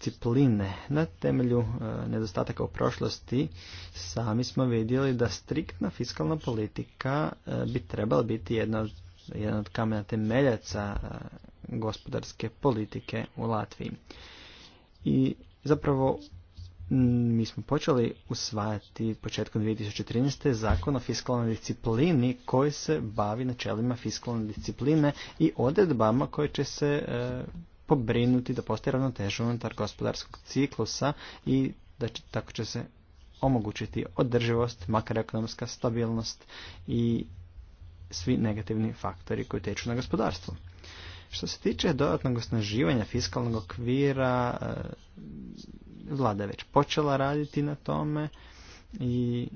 discipline, na temelju e, nedostataka u prošlosti sami smo vidjeli da striktna fiskalna politika e, bi trebala biti jedna od, jedna od kamena temeljaca e, gospodarske politike u Latviji i zapravo mi smo počeli usvajati početkom 2013. zakon o fiskalnoj disciplini koji se bavi načelima fiskalne discipline i odredbama koje će se e, pobrinuti da postoji ravnoteža unutar gospodarskog ciklusa i da će, tako će se omogućiti održivost, makroekonomska stabilnost i svi negativni faktori koji teču na gospodarstvo. Što se tiče dodatnog osnaživanja fiskalnog okvira, e, vlada je već počela raditi na tome i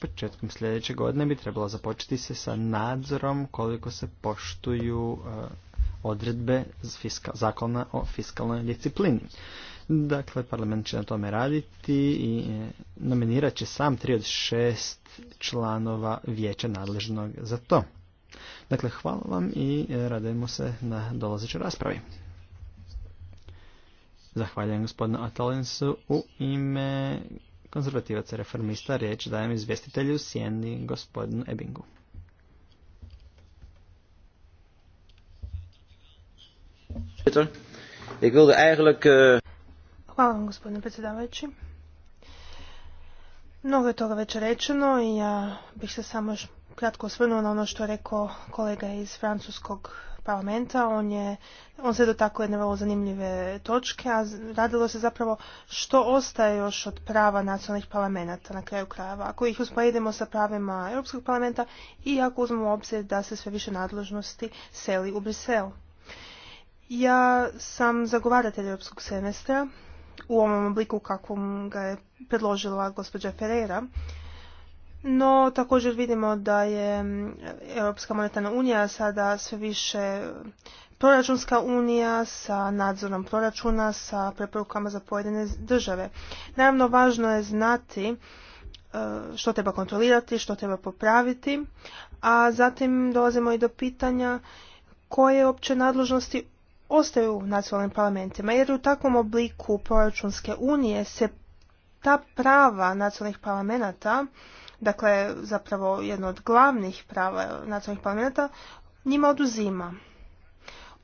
početkom sljedeće godine bi trebalo započeti se sa nadzorom koliko se poštuju e, odredbe zakona o fiskalnoj disciplini. Dakle, parlament će na tome raditi i e, nominirat će sam tri od šest članova vijeća nadležnog za to. Dakle, hvala vam i e, radujemo se na dolazećoj raspravi. Zahvaljujem gospodinu Atalinsu u ime konzervativaca reformista. Riječ dajem izvjestitelju Sjeni gospodinu Ebingu. Eh, hvala vam gospodine predsjedavajući. Mnogo je toga već rečeno i ja bih se samo kratko osvrnuo na ono što je rekao kolega iz francuskog parlamenta. On, je, on se dotakao jedne vrlo zanimljive točke, a radilo se zapravo što ostaje još od prava nacionalnih parlamenta na kraju krajeva. Ako ih usporedimo sa pravima Europskog parlamenta i ako uzmemo u obzir da se sve više nadležnosti seli u Brisel. Ja sam zagovaratelj Europskog semestra u ovom obliku kakvom ga je predložila gospođa Ferreira no, također vidimo da je mm, Europska monetarna unija sada sve više mm, proračunska unija sa nadzorom proračuna, sa preporukama za pojedine države. Naravno, važno je znati mm, što treba kontrolirati, što treba popraviti, a zatim dolazimo i do pitanja koje opće nadležnosti ostaju u nacionalnim parlamentima, jer u takvom obliku proračunske unije se ta prava nacionalnih parlamenta dakle zapravo jedno od glavnih prava nacionalnih parlamenta, njima oduzima.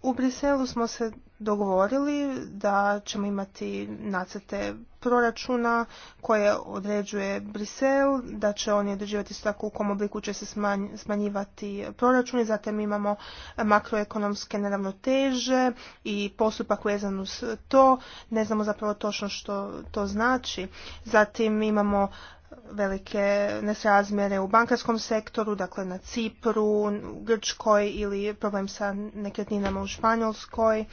U Briselu smo se dogovorili da ćemo imati nacrte proračuna koje određuje Brisel, da će oni određivati isto tako u kom obliku će se smanjivati proračuni, zatim imamo makroekonomske neravnoteže i postupak vezan uz to, ne znamo zapravo točno što to znači. Zatim imamo velike nesrazmjere u bankarskom sektoru, dakle na Cipru, u Grčkoj ili problem sa nekretninama u Španjolskoj.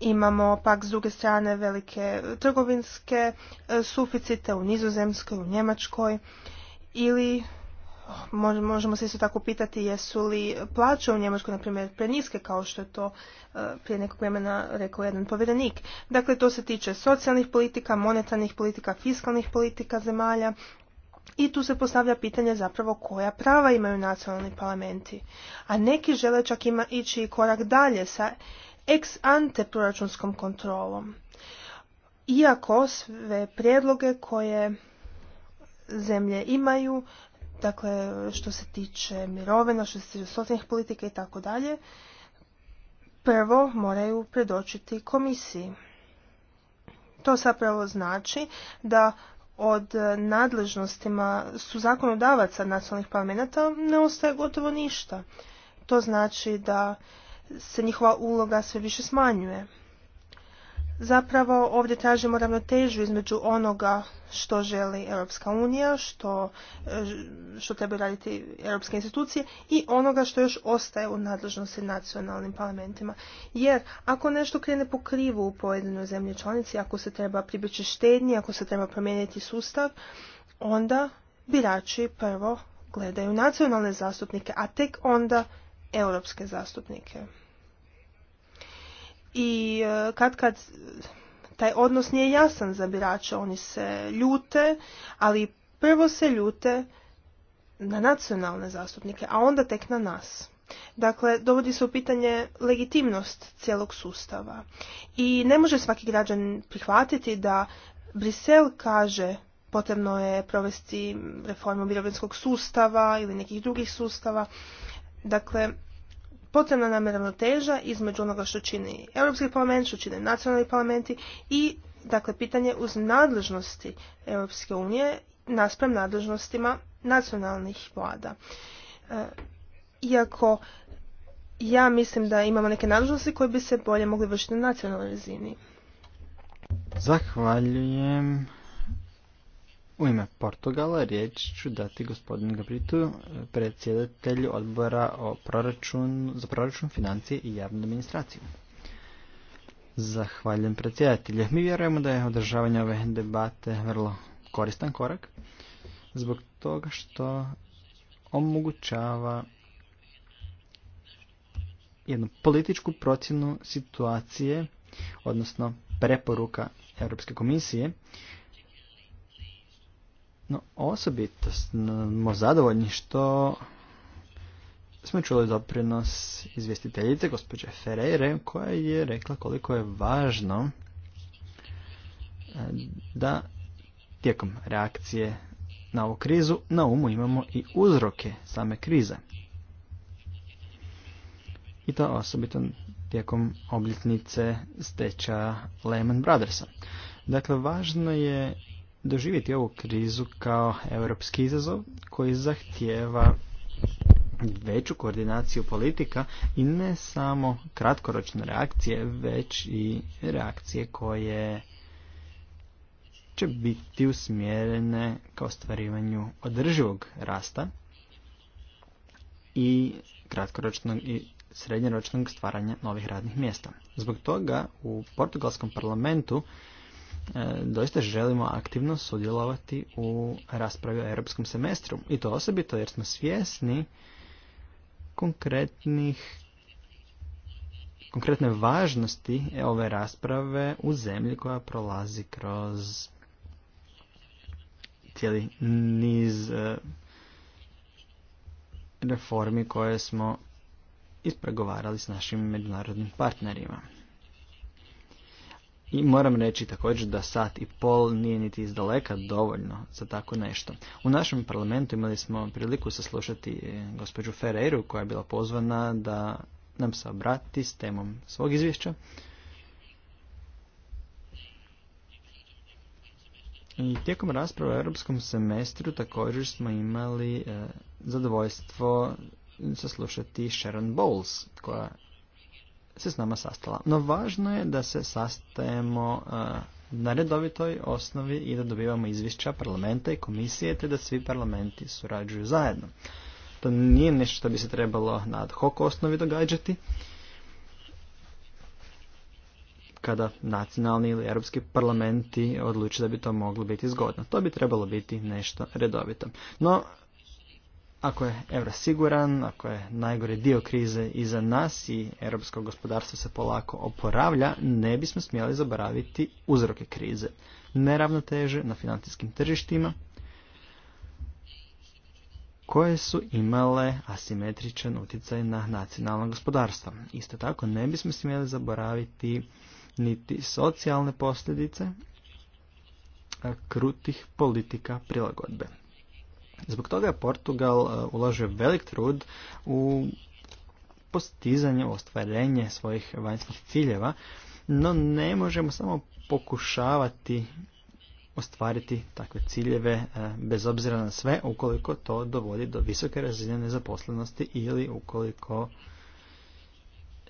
Imamo pak s druge strane velike trgovinske e, suficite u Nizozemskoj, u Njemačkoj ili možemo se isto tako pitati jesu li plaće u Njemačkoj, na primjer, preniske kao što je to e, prije nekog vremena rekao jedan povjerenik. Dakle, to se tiče socijalnih politika, monetarnih politika, fiskalnih politika zemalja. I tu se postavlja pitanje zapravo koja prava imaju nacionalni parlamenti. A neki žele čak ima ići korak dalje sa ex ante proračunskom kontrolom. Iako sve prijedloge koje zemlje imaju dakle što se tiče mirovina, što se tiče socijalnih politika i tako dalje, prvo moraju predočiti komisiji. To zapravo znači da od nadležnostima su zakonodavaca nacionalnih parlamenta ne ostaje gotovo ništa. To znači da se njihova uloga sve više smanjuje. Zapravo ovdje tražimo ravnotežu između onoga što želi Europska unija, što, e, što trebaju raditi europske institucije i onoga što još ostaje u nadležnosti nacionalnim parlamentima. Jer ako nešto krene po krivu u pojedinoj zemlji članici, ako se treba pribjeći štednji, ako se treba promijeniti sustav, onda birači prvo gledaju nacionalne zastupnike, a tek onda europske zastupnike i e, kad kad taj odnos nije jasan za birače, oni se ljute, ali prvo se ljute na nacionalne zastupnike, a onda tek na nas. Dakle, dovodi se u pitanje legitimnost cijelog sustava. I ne može svaki građan prihvatiti da Brisel kaže potrebno je provesti reformu mirovinskog sustava ili nekih drugih sustava. Dakle, Potrebna nam je ravnoteža između onoga što čini Europski parlament, što čine nacionalni parlamenti i dakle pitanje uz nadležnosti Europske unije naspram nadležnostima nacionalnih vlada. E, iako ja mislim da imamo neke nadležnosti koje bi se bolje mogli vršiti na nacionalnoj razini. Zahvaljujem. U ime Portugala riječ ću dati gospodinu Gabritu, e, predsjedatelju odbora o proračun, za proračun financije i javnu administraciju. Zahvaljujem predsjedatelje. Mi vjerujemo da je održavanje ove debate vrlo koristan korak zbog toga što omogućava jednu političku procjenu situacije, odnosno preporuka Europske komisije no, osobito smo zadovoljni što smo čuli doprinos izvjestiteljice gospođe Ferreire koja je rekla koliko je važno e, da tijekom reakcije na ovu krizu na umu imamo i uzroke same krize. I to osobito tijekom obljetnice steča Lehman Brothersa. Dakle, važno je doživjeti ovu krizu kao europski izazov koji zahtijeva veću koordinaciju politika i ne samo kratkoročne reakcije, već i reakcije koje će biti usmjerene ka ostvarivanju održivog rasta i kratkoročnog i srednjoročnog stvaranja novih radnih mjesta. Zbog toga u portugalskom parlamentu E, doista želimo aktivno sudjelovati u raspravi o europskom semestru. I to osobito jer smo svjesni konkretnih konkretne važnosti ove rasprave u zemlji koja prolazi kroz cijeli niz e, reformi koje smo ispregovarali s našim međunarodnim partnerima. I moram reći također da sat i pol nije niti izdaleka dovoljno za tako nešto. U našem parlamentu imali smo priliku saslušati e, gospođu Ferreiru koja je bila pozvana da nam se obrati s temom svog izvješća. I tijekom rasprave u europskom semestru također smo imali e, zadovoljstvo saslušati Sharon Bowles koja se s nama sastala. No važno je da se sastajemo e, na redovitoj osnovi i da dobivamo izvješća parlamenta i komisije te da svi parlamenti surađuju zajedno. To nije nešto što bi se trebalo na ad hoc osnovi događati kada nacionalni ili europski parlamenti odluče da bi to moglo biti zgodno. To bi trebalo biti nešto redovito. No, ako je euro siguran, ako je najgore dio krize iza nas i europsko gospodarstvo se polako oporavlja, ne bismo smjeli zaboraviti uzroke krize. Neravnoteže na financijskim tržištima koje su imale asimetričan utjecaj na nacionalno gospodarstvo. Isto tako ne bismo smjeli zaboraviti niti socijalne posljedice krutih politika prilagodbe. Zbog toga je Portugal e, uložio velik trud u postizanje, ostvarenje svojih vanjskih ciljeva, no ne možemo samo pokušavati ostvariti takve ciljeve e, bez obzira na sve ukoliko to dovodi do visoke razine nezaposlenosti ili ukoliko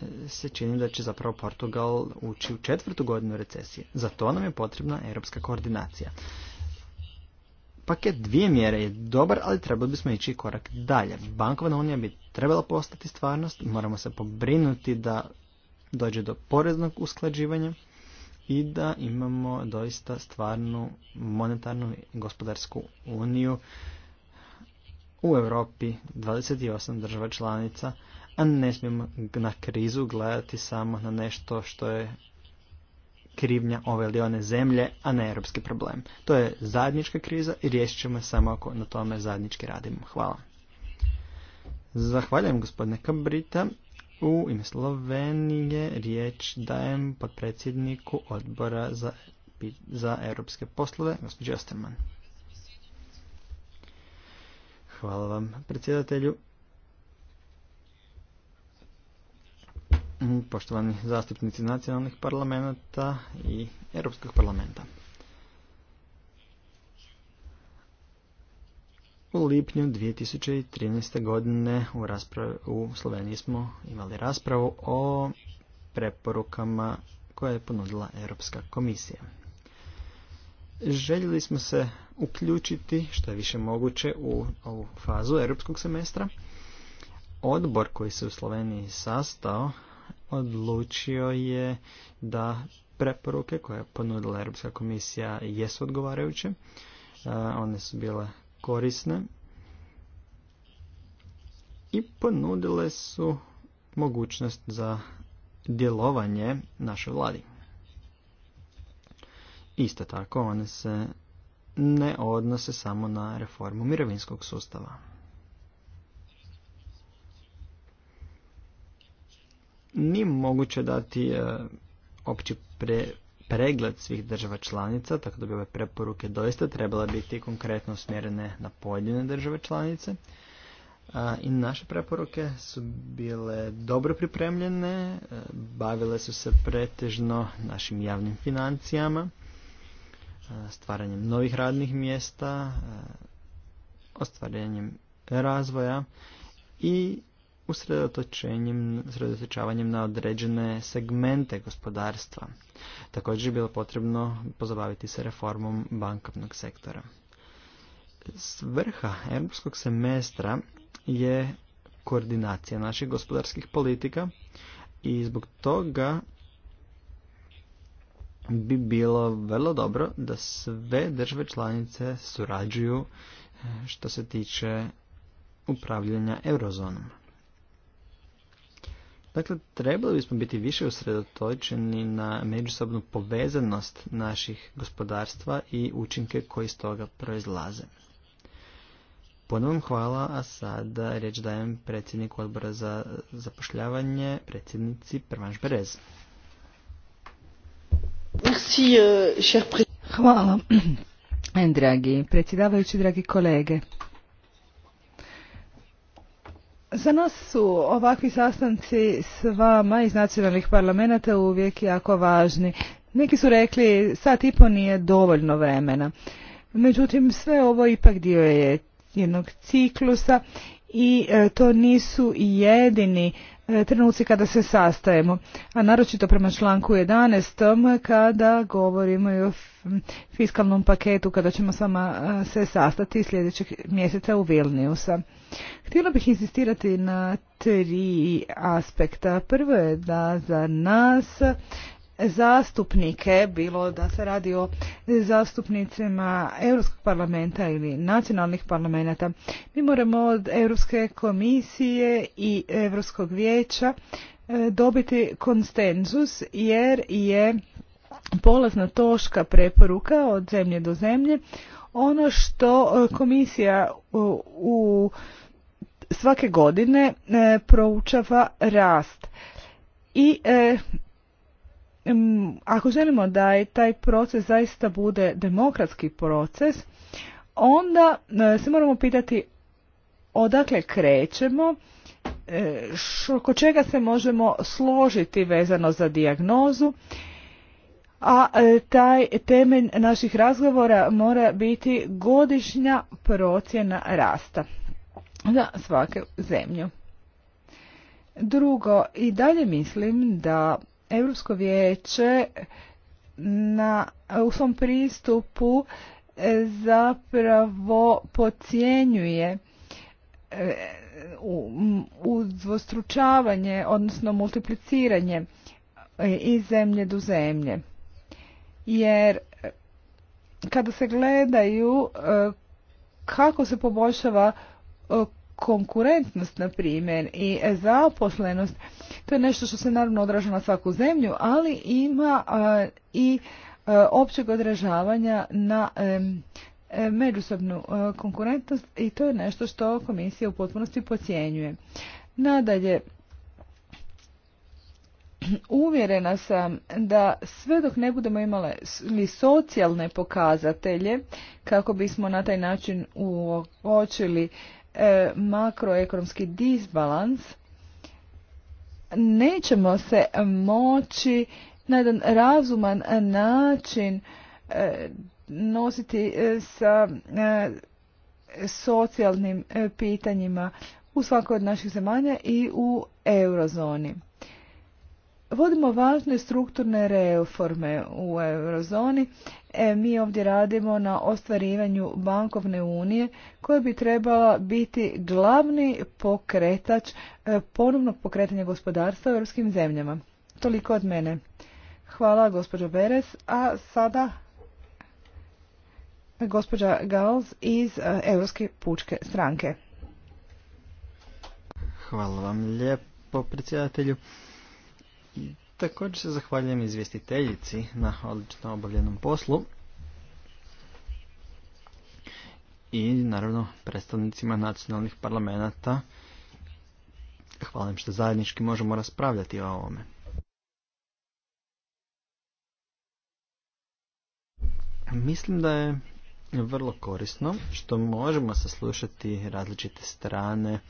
e, se čini da će zapravo Portugal ući u četvrtu godinu recesije. Za to nam je potrebna europska koordinacija paket dvije mjere je dobar, ali trebali bismo ići korak dalje. Bankovna unija bi trebala postati stvarnost, moramo se pobrinuti da dođe do poreznog usklađivanja i da imamo doista stvarnu monetarnu i gospodarsku uniju u Europi 28 država članica, a ne smijemo na krizu gledati samo na nešto što je krivnja ove ili one zemlje, a ne europski problem. To je zajednička kriza i riješit ćemo samo ako na tome zajednički radimo. Hvala. Zahvaljujem gospodine Kabrita. U ime Slovenije riječ dajem podpredsjedniku odbora za, za europske poslove, gospođi Osterman. Hvala vam predsjedatelju. poštovani zastupnici nacionalnih parlamenta i Europskog parlamenta. U lipnju 2013. godine u, raspravi, u Sloveniji smo imali raspravu o preporukama koje je ponudila Europska komisija. Željeli smo se uključiti što je više moguće u ovu fazu europskog semestra. Odbor koji se u Sloveniji sastao odlučio je da preporuke koje je ponudila Europska komisija jesu odgovarajuće. E, one su bile korisne i ponudile su mogućnost za djelovanje našoj vladi. Isto tako, one se ne odnose samo na reformu mirovinskog sustava. nije moguće dati e, opći pregled svih država članica, tako da bi ove preporuke doista trebala biti konkretno usmjerene na pojedine države članice. I naše preporuke su bile dobro pripremljene, e, bavile su se pretežno našim javnim financijama, e, stvaranjem novih radnih mjesta, ostvarenjem razvoja i usredotočavanjem na određene segmente gospodarstva. Također je bilo potrebno pozabaviti se reformom bankovnog sektora. Svrha europskog semestra je koordinacija naših gospodarskih politika i zbog toga bi bilo vrlo dobro da sve države članice surađuju eh, što se tiče upravljanja eurozonom. Dakle, trebali bismo biti više usredotočeni na međusobnu povezanost naših gospodarstva i učinke koji iz toga proizlaze. Ponovno hvala, a sada riječ dajem predsjedniku odbora za zapošljavanje, predsjednici Prvanš Berez. Euh, hvala, dragi predsjedavajući, dragi kolege. Za nas su ovakvi sastanci s vama iz nacionalnih parlamenta uvijek jako važni. Neki su rekli sat i po nije dovoljno vremena. Međutim, sve ovo ipak dio je jednog ciklusa i e, to nisu jedini E, trenuci kada se sastajemo, a naročito prema članku 11. kada govorimo o fiskalnom paketu kada ćemo sama e, se sastati sljedećeg mjeseca u Vilniusa. Htjela bih insistirati na tri aspekta. Prvo je da za nas zastupnike, bilo da se radi o zastupnicima Europskog parlamenta ili nacionalnih parlamenta. Mi moramo od Europske komisije i Europskog vijeća e, dobiti konsenzus jer je polazna toška preporuka od zemlje do zemlje ono što komisija u, svake godine e, proučava rast i e, ako želimo da je taj proces zaista bude demokratski proces, onda e, se moramo pitati odakle krećemo, e, oko čega se možemo složiti vezano za dijagnozu, a e, taj temelj naših razgovora mora biti godišnja procjena rasta za svake zemlju. Drugo, i dalje mislim da Europsko vijeće na, u svom pristupu e, zapravo pocijenjuje e, udvostručavanje, odnosno multipliciranje e, iz zemlje do zemlje. Jer kada se gledaju kako se poboljšava konkurentnost, na primjer, i zaposlenost. To je nešto što se naravno odraža na svaku zemlju, ali ima i općeg odražavanja na međusobnu konkurentnost i to je nešto što komisija u potpunosti pocijenjuje. Nadalje, uvjerena sam da sve dok ne budemo imali socijalne pokazatelje kako bismo na taj način uočili E, makroekonomski disbalans, nećemo se moći na jedan razuman način e, nositi e, sa socijalnim pitanjima u svakoj od naših zemalja i u eurozoni. Vodimo važne strukturne reforme u eurozoni E, mi ovdje radimo na ostvarivanju bankovne unije koja bi trebala biti glavni pokretač e, ponovnog pokretanja gospodarstva u europskim zemljama. Toliko od mene. Hvala gospođo Beres, a sada gospođa Gals iz e, Europske pučke stranke. Hvala vam lijepo predsjedatelju. Također se zahvaljujem izvjestiteljici na odlično obavljenom poslu i naravno predstavnicima nacionalnih parlamenta. im što zajednički možemo raspravljati o ovome. Mislim da je vrlo korisno što možemo saslušati različite strane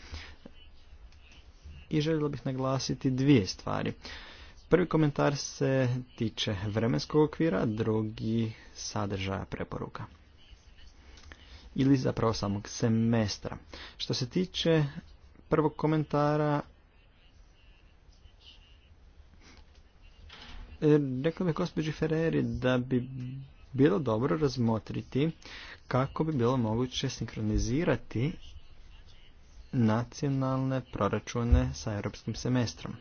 i željela bih naglasiti dvije stvari. Prvi komentar se tiče vremenskog okvira, drugi sadržaja preporuka. Ili zapravo samog semestra. Što se tiče prvog komentara, e, rekao bih gospođi Ferreri da bi bilo dobro razmotriti kako bi bilo moguće sinkronizirati nacionalne proračune sa europskim semestrom.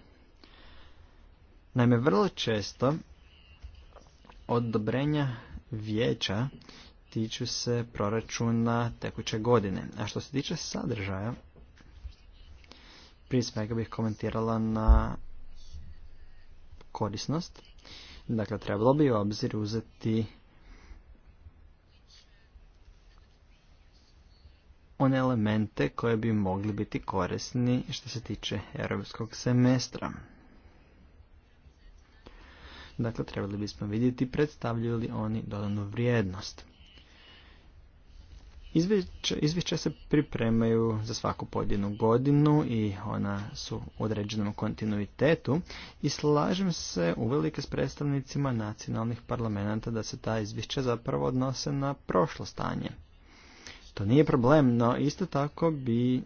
Naime, vrlo često odobrenja vijeća tiču se proračuna tekuće godine. A što se tiče sadržaja, prije svega bih komentirala na korisnost. Dakle, trebalo bi u obzir uzeti one elemente koje bi mogli biti korisni što se tiče europskog semestra. Dakle, trebali bismo vidjeti predstavljaju li oni dodanu vrijednost. Izvješća se pripremaju za svaku pojedinu godinu i ona su u određenom kontinuitetu i slažem se uvelike s predstavnicima nacionalnih parlamenta da se ta izvješća zapravo odnose na prošlo stanje. To nije problem, no isto tako bi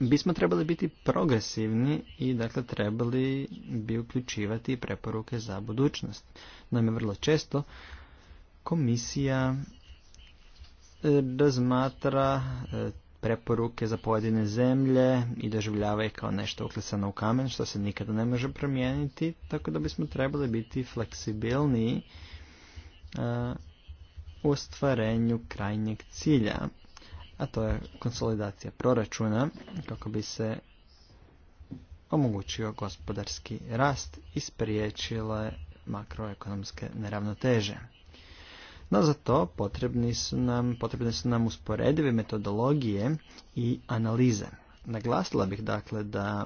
bismo trebali biti progresivni i dakle trebali bi uključivati preporuke za budućnost. Naime, vrlo često komisija e, razmatra e, preporuke za pojedine zemlje i doživljava ih kao nešto uklesano u kamen što se nikada ne može promijeniti, tako da bismo trebali biti fleksibilni e, u ostvarenju krajnjeg cilja a to je konsolidacija proračuna kako bi se omogućio gospodarski rast i spriječile makroekonomske neravnoteže. No za to potrebni su nam, potrebne su nam usporedive metodologije i analize. Naglasila bih dakle da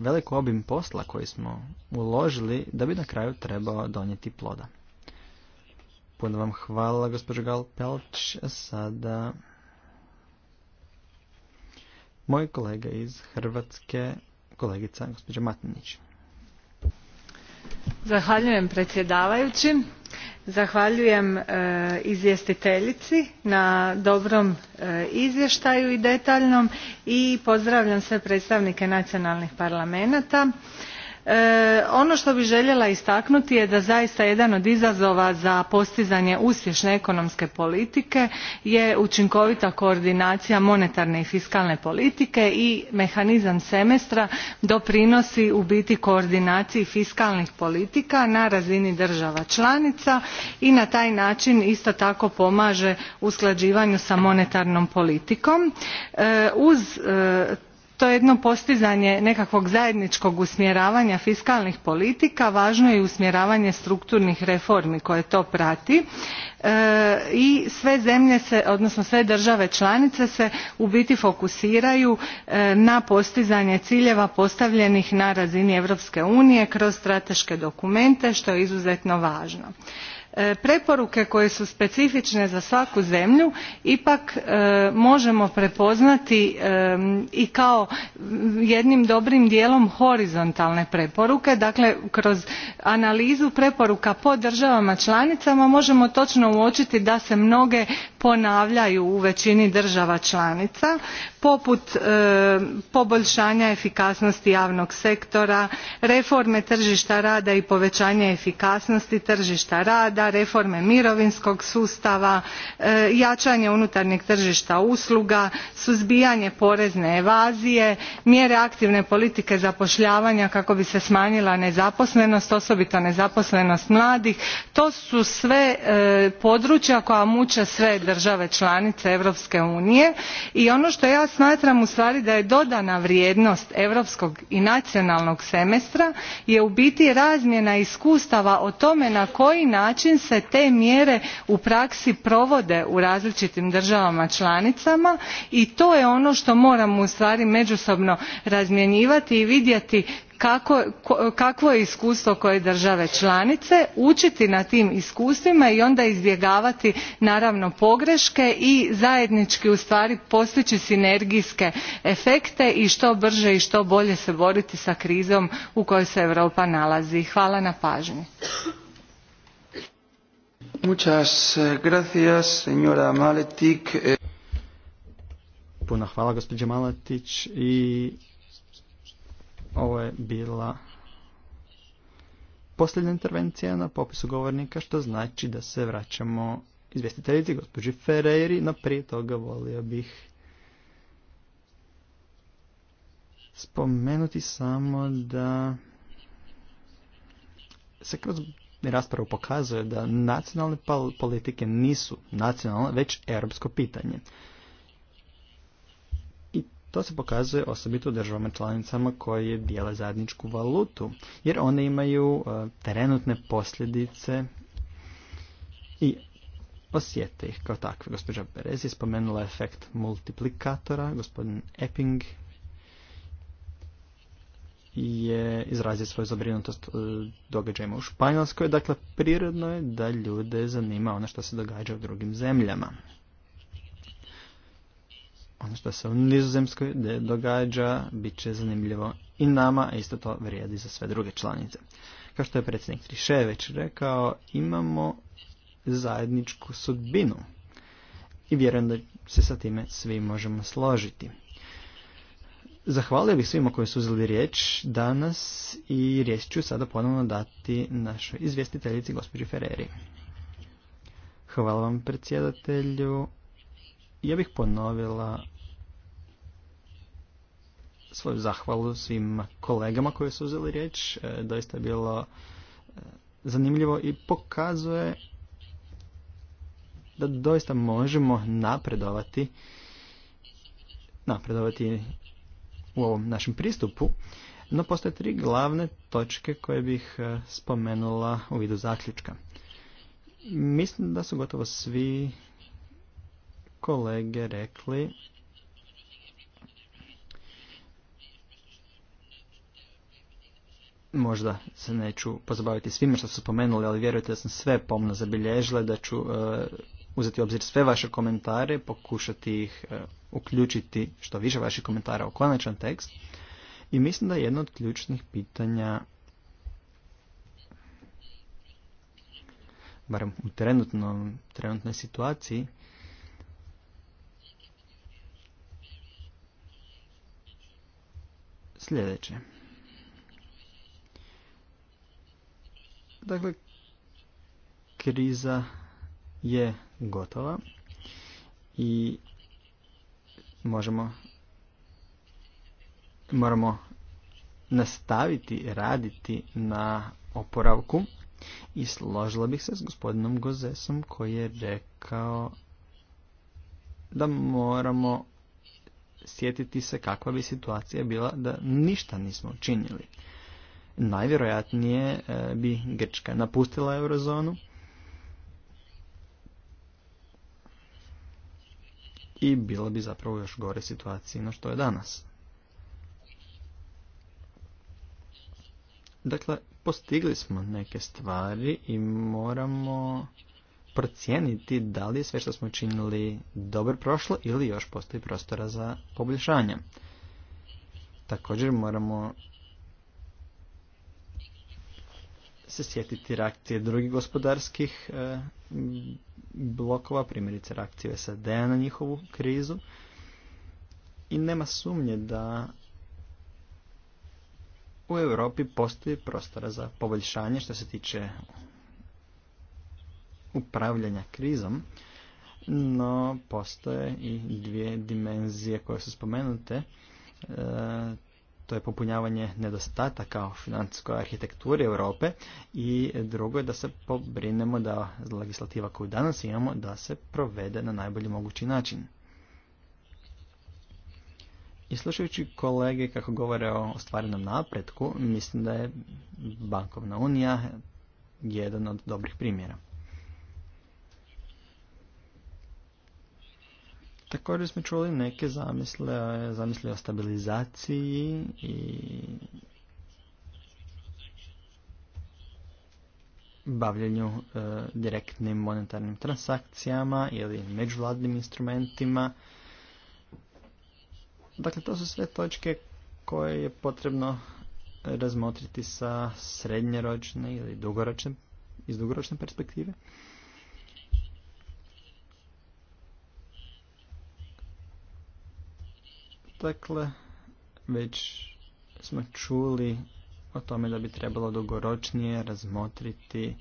veliko obim posla koji smo uložili da bi na kraju trebao donijeti ploda. Puno vam hvala, gospođo Galpelč. Sada moj kolega iz Hrvatske, kolegica gospođa Matinić. Zahvaljujem predsjedavajući. Zahvaljujem e, izvjestiteljici na dobrom e, izvještaju i detaljnom i pozdravljam sve predstavnike nacionalnih parlamenata. E, ono što bih željela istaknuti je da zaista jedan od izazova za postizanje uspješne ekonomske politike je učinkovita koordinacija monetarne i fiskalne politike i mehanizam semestra doprinosi u biti koordinaciji fiskalnih politika na razini država članica i na taj način isto tako pomaže usklađivanju sa monetarnom politikom. E, uz e, to je jedno postizanje nekakvog zajedničkog usmjeravanja fiskalnih politika važno je i usmjeravanje strukturnih reformi koje to prati e, i sve zemlje se odnosno sve države članice se u biti fokusiraju e, na postizanje ciljeva postavljenih na razini europske unije kroz strateške dokumente što je izuzetno važno E, preporuke koje su specifične za svaku zemlju ipak e, možemo prepoznati e, i kao jednim dobrim dijelom horizontalne preporuke dakle kroz analizu preporuka po državama članicama možemo točno uočiti da se mnoge ponavljaju u većini država članica poput e, poboljšanja efikasnosti javnog sektora reforme tržišta rada i povećanje efikasnosti tržišta rada reforme mirovinskog sustava e, jačanje unutarnjeg tržišta usluga suzbijanje porezne evazije mjere aktivne politike zapošljavanja kako bi se smanjila nezaposlenost osobito nezaposlenost mladih to su sve e, područja koja muče sve države članice europske unije i ono što ja smatram ustvari da je dodana vrijednost europskog i nacionalnog semestra je u biti razmjena iskustava o tome na koji način se te mjere u praksi provode u različitim državama članicama i to je ono što moramo ustvari međusobno razmjenjivati i vidjeti kako, kakvo je iskustvo koje države članice učiti na tim iskustvima i onda izbjegavati naravno pogreške i zajednički ustvari postići sinergijske efekte i što brže i što bolje se boriti sa krizom u kojoj se europa nalazi. hvala na pažnji. Ovo je bila posljednja intervencija na popisu govornika, što znači da se vraćamo izvjestiteljici gospođi Ferreiri, no prije toga volio bih spomenuti samo da se kroz raspravu pokazuje da nacionalne politike nisu nacionalne, već europsko pitanje. To se pokazuje osobito državama članicama koje dijele zajedničku valutu, jer one imaju e, trenutne posljedice i osjete ih kao takve. Gospođa Perez je spomenula efekt multiplikatora, gospodin Epping je izrazio svoju zabrinutost e, događajima u Španjolskoj, dakle prirodno je da ljude zanima ono što se događa u drugim zemljama ono što se u Nizozemskoj događa bit će zanimljivo i nama, a isto to vrijedi za sve druge članice. Kao što je predsjednik Triše već rekao, imamo zajedničku sudbinu i vjerujem da se sa time svi možemo složiti. Zahvalio bih svima koji su uzeli riječ danas i riječ ću sada ponovno dati našoj izvjestiteljici gospođi Ferreri. Hvala vam predsjedatelju. Ja bih ponovila svoju zahvalu svim kolegama koji su uzeli riječ. E, doista je bilo e, zanimljivo i pokazuje da doista možemo napredovati napredovati u ovom našem pristupu. No postoje tri glavne točke koje bih e, spomenula u vidu zaključka. Mislim da su gotovo svi kolege rekli možda se neću pozabaviti svime što su spomenuli, ali vjerujte da sam sve pomno zabilježila, da ću e, uzeti u obzir sve vaše komentare, pokušati ih e, uključiti što više vaših komentara u konačan tekst. I mislim da je jedno od ključnih pitanja, barem u trenutnoj situaciji, sljedeće. Dakle, kriza je gotova i možemo moramo nastaviti raditi na oporavku i složila bih se s gospodinom Gozesom koji je rekao da moramo sjetiti se kakva bi situacija bila da ništa nismo učinili. Najvjerojatnije e, bi Grčka napustila eurozonu i bilo bi zapravo još gore situaciji na što je danas. Dakle, postigli smo neke stvari i moramo procijeniti da li je sve što smo učinili dobro prošlo ili još postoji prostora za poboljšanje. Također moramo se sjetiti reakcije drugih gospodarskih e, blokova, primjerice reakcije sad na njihovu krizu. I nema sumnje da u Europi postoji prostora za poboljšanje što se tiče upravljanja krizom, no postoje i dvije dimenzije koje su spomenute. E, to je popunjavanje nedostataka u financijskoj arhitekturi Europe i drugo je da se pobrinemo da legislativa koju danas imamo da se provede na najbolji mogući način. I slušajući kolege kako govore o ostvarenom napretku, mislim da je bankovna unija jedan od dobrih primjera. Također smo čuli neke zamisle, zamisle o stabilizaciji i bavljenju e, direktnim monetarnim transakcijama ili međuvladnim instrumentima. Dakle, to su sve točke koje je potrebno razmotriti sa srednjeročne ili dugoročne, iz dugoročne perspektive. Dakle, već smo čuli o tome da bi trebalo dugoročnije razmotriti e,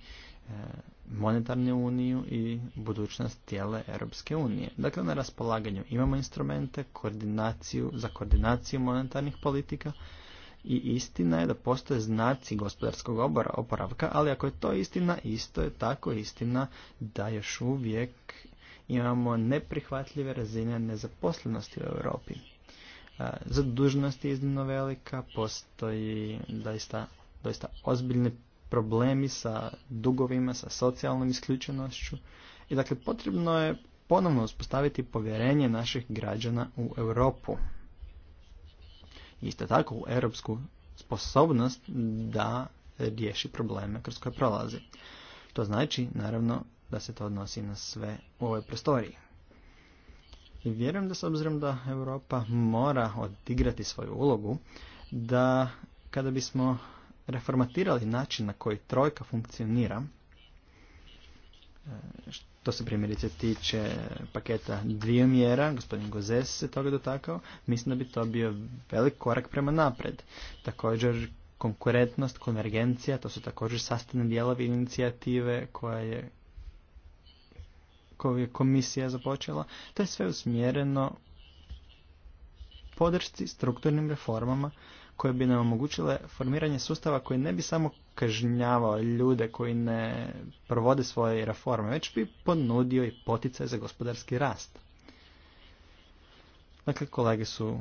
monetarnu uniju i budućnost tijele Europske unije. Dakle, na raspolaganju imamo instrumente koordinaciju, za koordinaciju monetarnih politika i istina je da postoje znaci gospodarskog obora, oporavka, ali ako je to istina, isto je tako istina da još uvijek imamo neprihvatljive razine nezaposlenosti u Europi zadužnost je iznimno velika, postoji doista, doista ozbiljni problemi sa dugovima, sa socijalnom isključenošću i dakle potrebno je ponovno uspostaviti povjerenje naših građana u Europu. Isto tako u europsku sposobnost da riješi probleme kroz koje prolazi. To znači, naravno, da se to odnosi na sve u ovoj prostoriji. I vjerujem da s obzirom da Europa mora odigrati svoju ulogu, da kada bismo reformatirali način na koji trojka funkcionira, e, što se primjerice tiče paketa dvije mjera, gospodin Gozes se toga dotakao, mislim da bi to bio velik korak prema napred. Također konkurentnost, konvergencija, to su također sastavni dijelovi inicijative koja je koju je komisija započela, to je sve usmjereno podršci strukturnim reformama koje bi nam omogućile formiranje sustava koji ne bi samo kažnjavao ljude koji ne provode svoje reforme, već bi ponudio i poticaj za gospodarski rast. Dakle, kolege su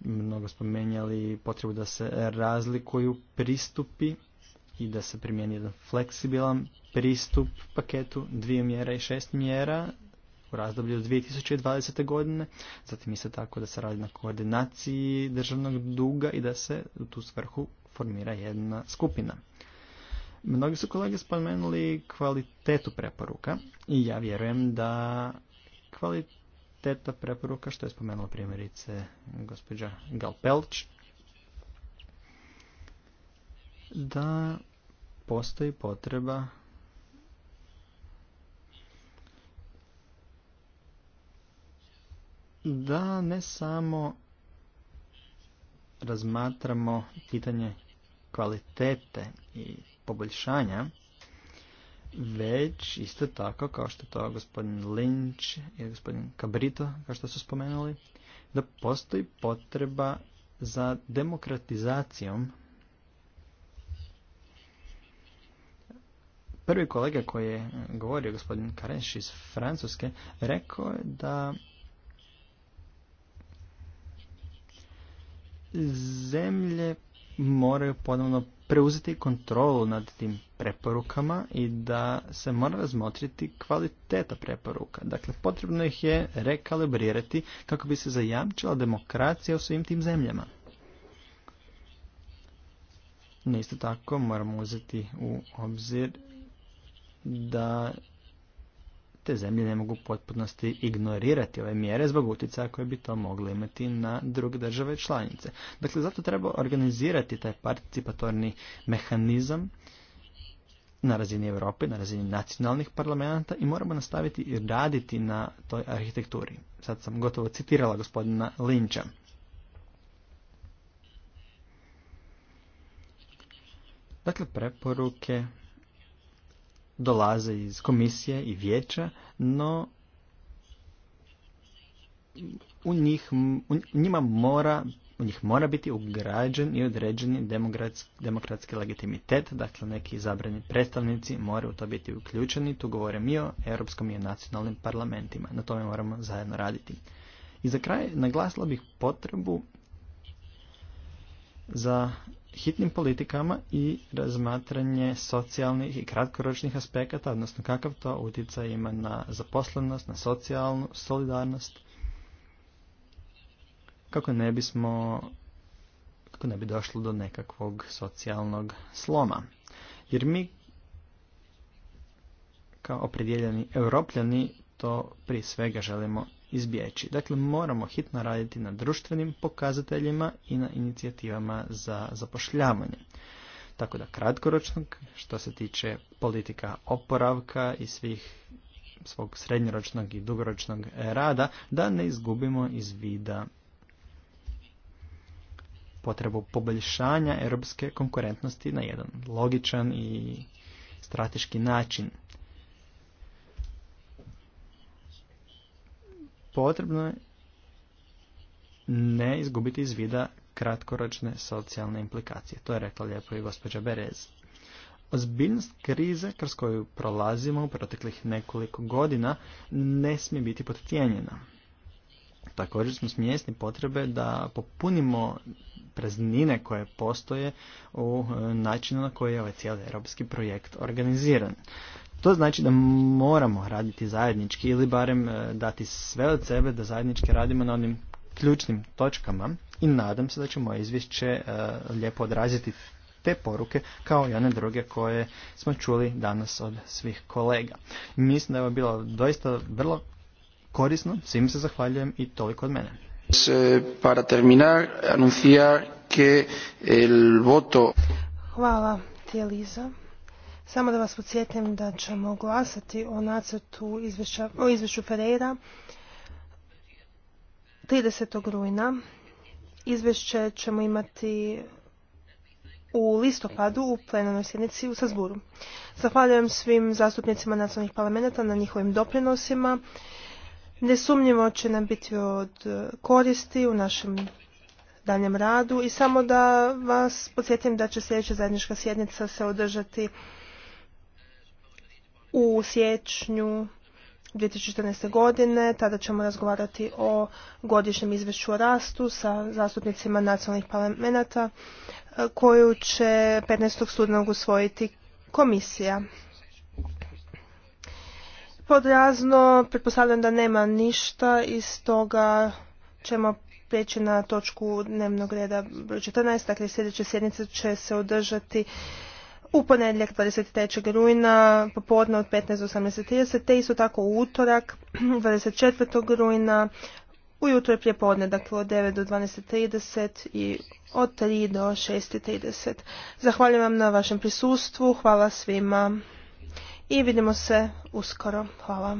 mnogo spomenjali potrebu da se razlikuju pristupi i da se primijeni jedan fleksibilan pristup paketu dvije mjera i šest mjera u razdoblju 2020. godine, zatim isto tako da se radi na koordinaciji državnog duga i da se u tu svrhu formira jedna skupina. Mnogi su kolege spomenuli kvalitetu preporuka i ja vjerujem da kvaliteta preporuka, što je spomenula primjerice gospođa Galpelč, da postoji potreba da ne samo razmatramo pitanje kvalitete i poboljšanja, već isto tako kao što to gospodin Lynch i gospodin Cabrito, kao što su spomenuli, da postoji potreba za demokratizacijom Prvi kolega koji je govorio, gospodin Karenš iz Francuske, rekao je da zemlje moraju ponovno preuzeti kontrolu nad tim preporukama i da se mora razmotriti kvaliteta preporuka. Dakle, potrebno ih je rekalibrirati kako bi se zajamčila demokracija u svim tim zemljama. isto tako moramo uzeti u obzir da te zemlje ne mogu potpunosti ignorirati ove mjere zbog utjecaja koje bi to mogli imati na druge države članice. Dakle, zato treba organizirati taj participatorni mehanizam na razini Europe, na razini nacionalnih parlamenta i moramo nastaviti i raditi na toj arhitekturi. Sad sam gotovo citirala gospodina Linča. Dakle, preporuke dolaze iz komisije i vijeća, no u, njih, njima mora u njih mora biti ugrađen i određeni demokratski, legitimitet, dakle neki izabrani predstavnici moraju to biti uključeni, tu govore mi o europskom i o nacionalnim parlamentima, na tome moramo zajedno raditi. I za kraj naglasila bih potrebu za hitnim politikama i razmatranje socijalnih i kratkoročnih aspekata, odnosno kakav to utjecaj ima na zaposlenost, na socijalnu solidarnost, kako ne bismo kako ne bi došlo do nekakvog socijalnog sloma. Jer mi kao opredjeljeni europljani to prije svega želimo izbjeći. Dakle, moramo hitno raditi na društvenim pokazateljima i na inicijativama za zapošljavanje. Tako da kratkoročnog, što se tiče politika oporavka i svih svog srednjoročnog i dugoročnog rada, da ne izgubimo iz vida potrebu poboljšanja europske konkurentnosti na jedan logičan i strateški način. potrebno je ne izgubiti iz vida kratkoročne socijalne implikacije. To je rekla lijepo i gospođa Berez. Ozbiljnost krize kroz koju prolazimo u proteklih nekoliko godina ne smije biti potcijenjena. Također smo smjesni potrebe da popunimo preznine koje postoje u e, načinu na koji je ovaj cijeli europski projekt organiziran. To znači da moramo raditi zajednički ili barem e, dati sve od sebe da zajednički radimo na onim ključnim točkama i nadam se da će moje izvješće e, lijepo odraziti te poruke kao i one druge koje smo čuli danas od svih kolega. Mislim da je ovo bilo doista vrlo korisno, svim se zahvaljujem i toliko od mene. Eh, para terminar, anunciar que el voto... Hvala, samo da vas podsjetim da ćemo glasati o nacrtu o izvješću Ferreira 30. rujna. Izvješće ćemo imati u listopadu u plenarnoj sjednici u Sazburu. Zahvaljujem svim zastupnicima nacionalnih parlamenta na njihovim doprinosima. Nesumnjivo će nam biti od koristi u našem daljem radu i samo da vas podsjetim da će sljedeća zajednička sjednica se održati u siječnju 2014. godine. Tada ćemo razgovarati o godišnjem izvješću o rastu sa zastupnicima nacionalnih parlamenta e, koju će 15. studenog usvojiti komisija. Podrazno, pretpostavljam da nema ništa i toga ćemo prijeći na točku dnevnog reda broj 14. Dakle, sljedeće sjednice će se održati u ponedjeljak 23. rujna popodne od 15 do 18.30 te isto tako u utorak 24. rujna ujutro je prije podne, dakle od 9 do 12.30 i od 3 do 6.30. Zahvaljujem vam na vašem prisustvu, hvala svima i vidimo se uskoro. Hvala.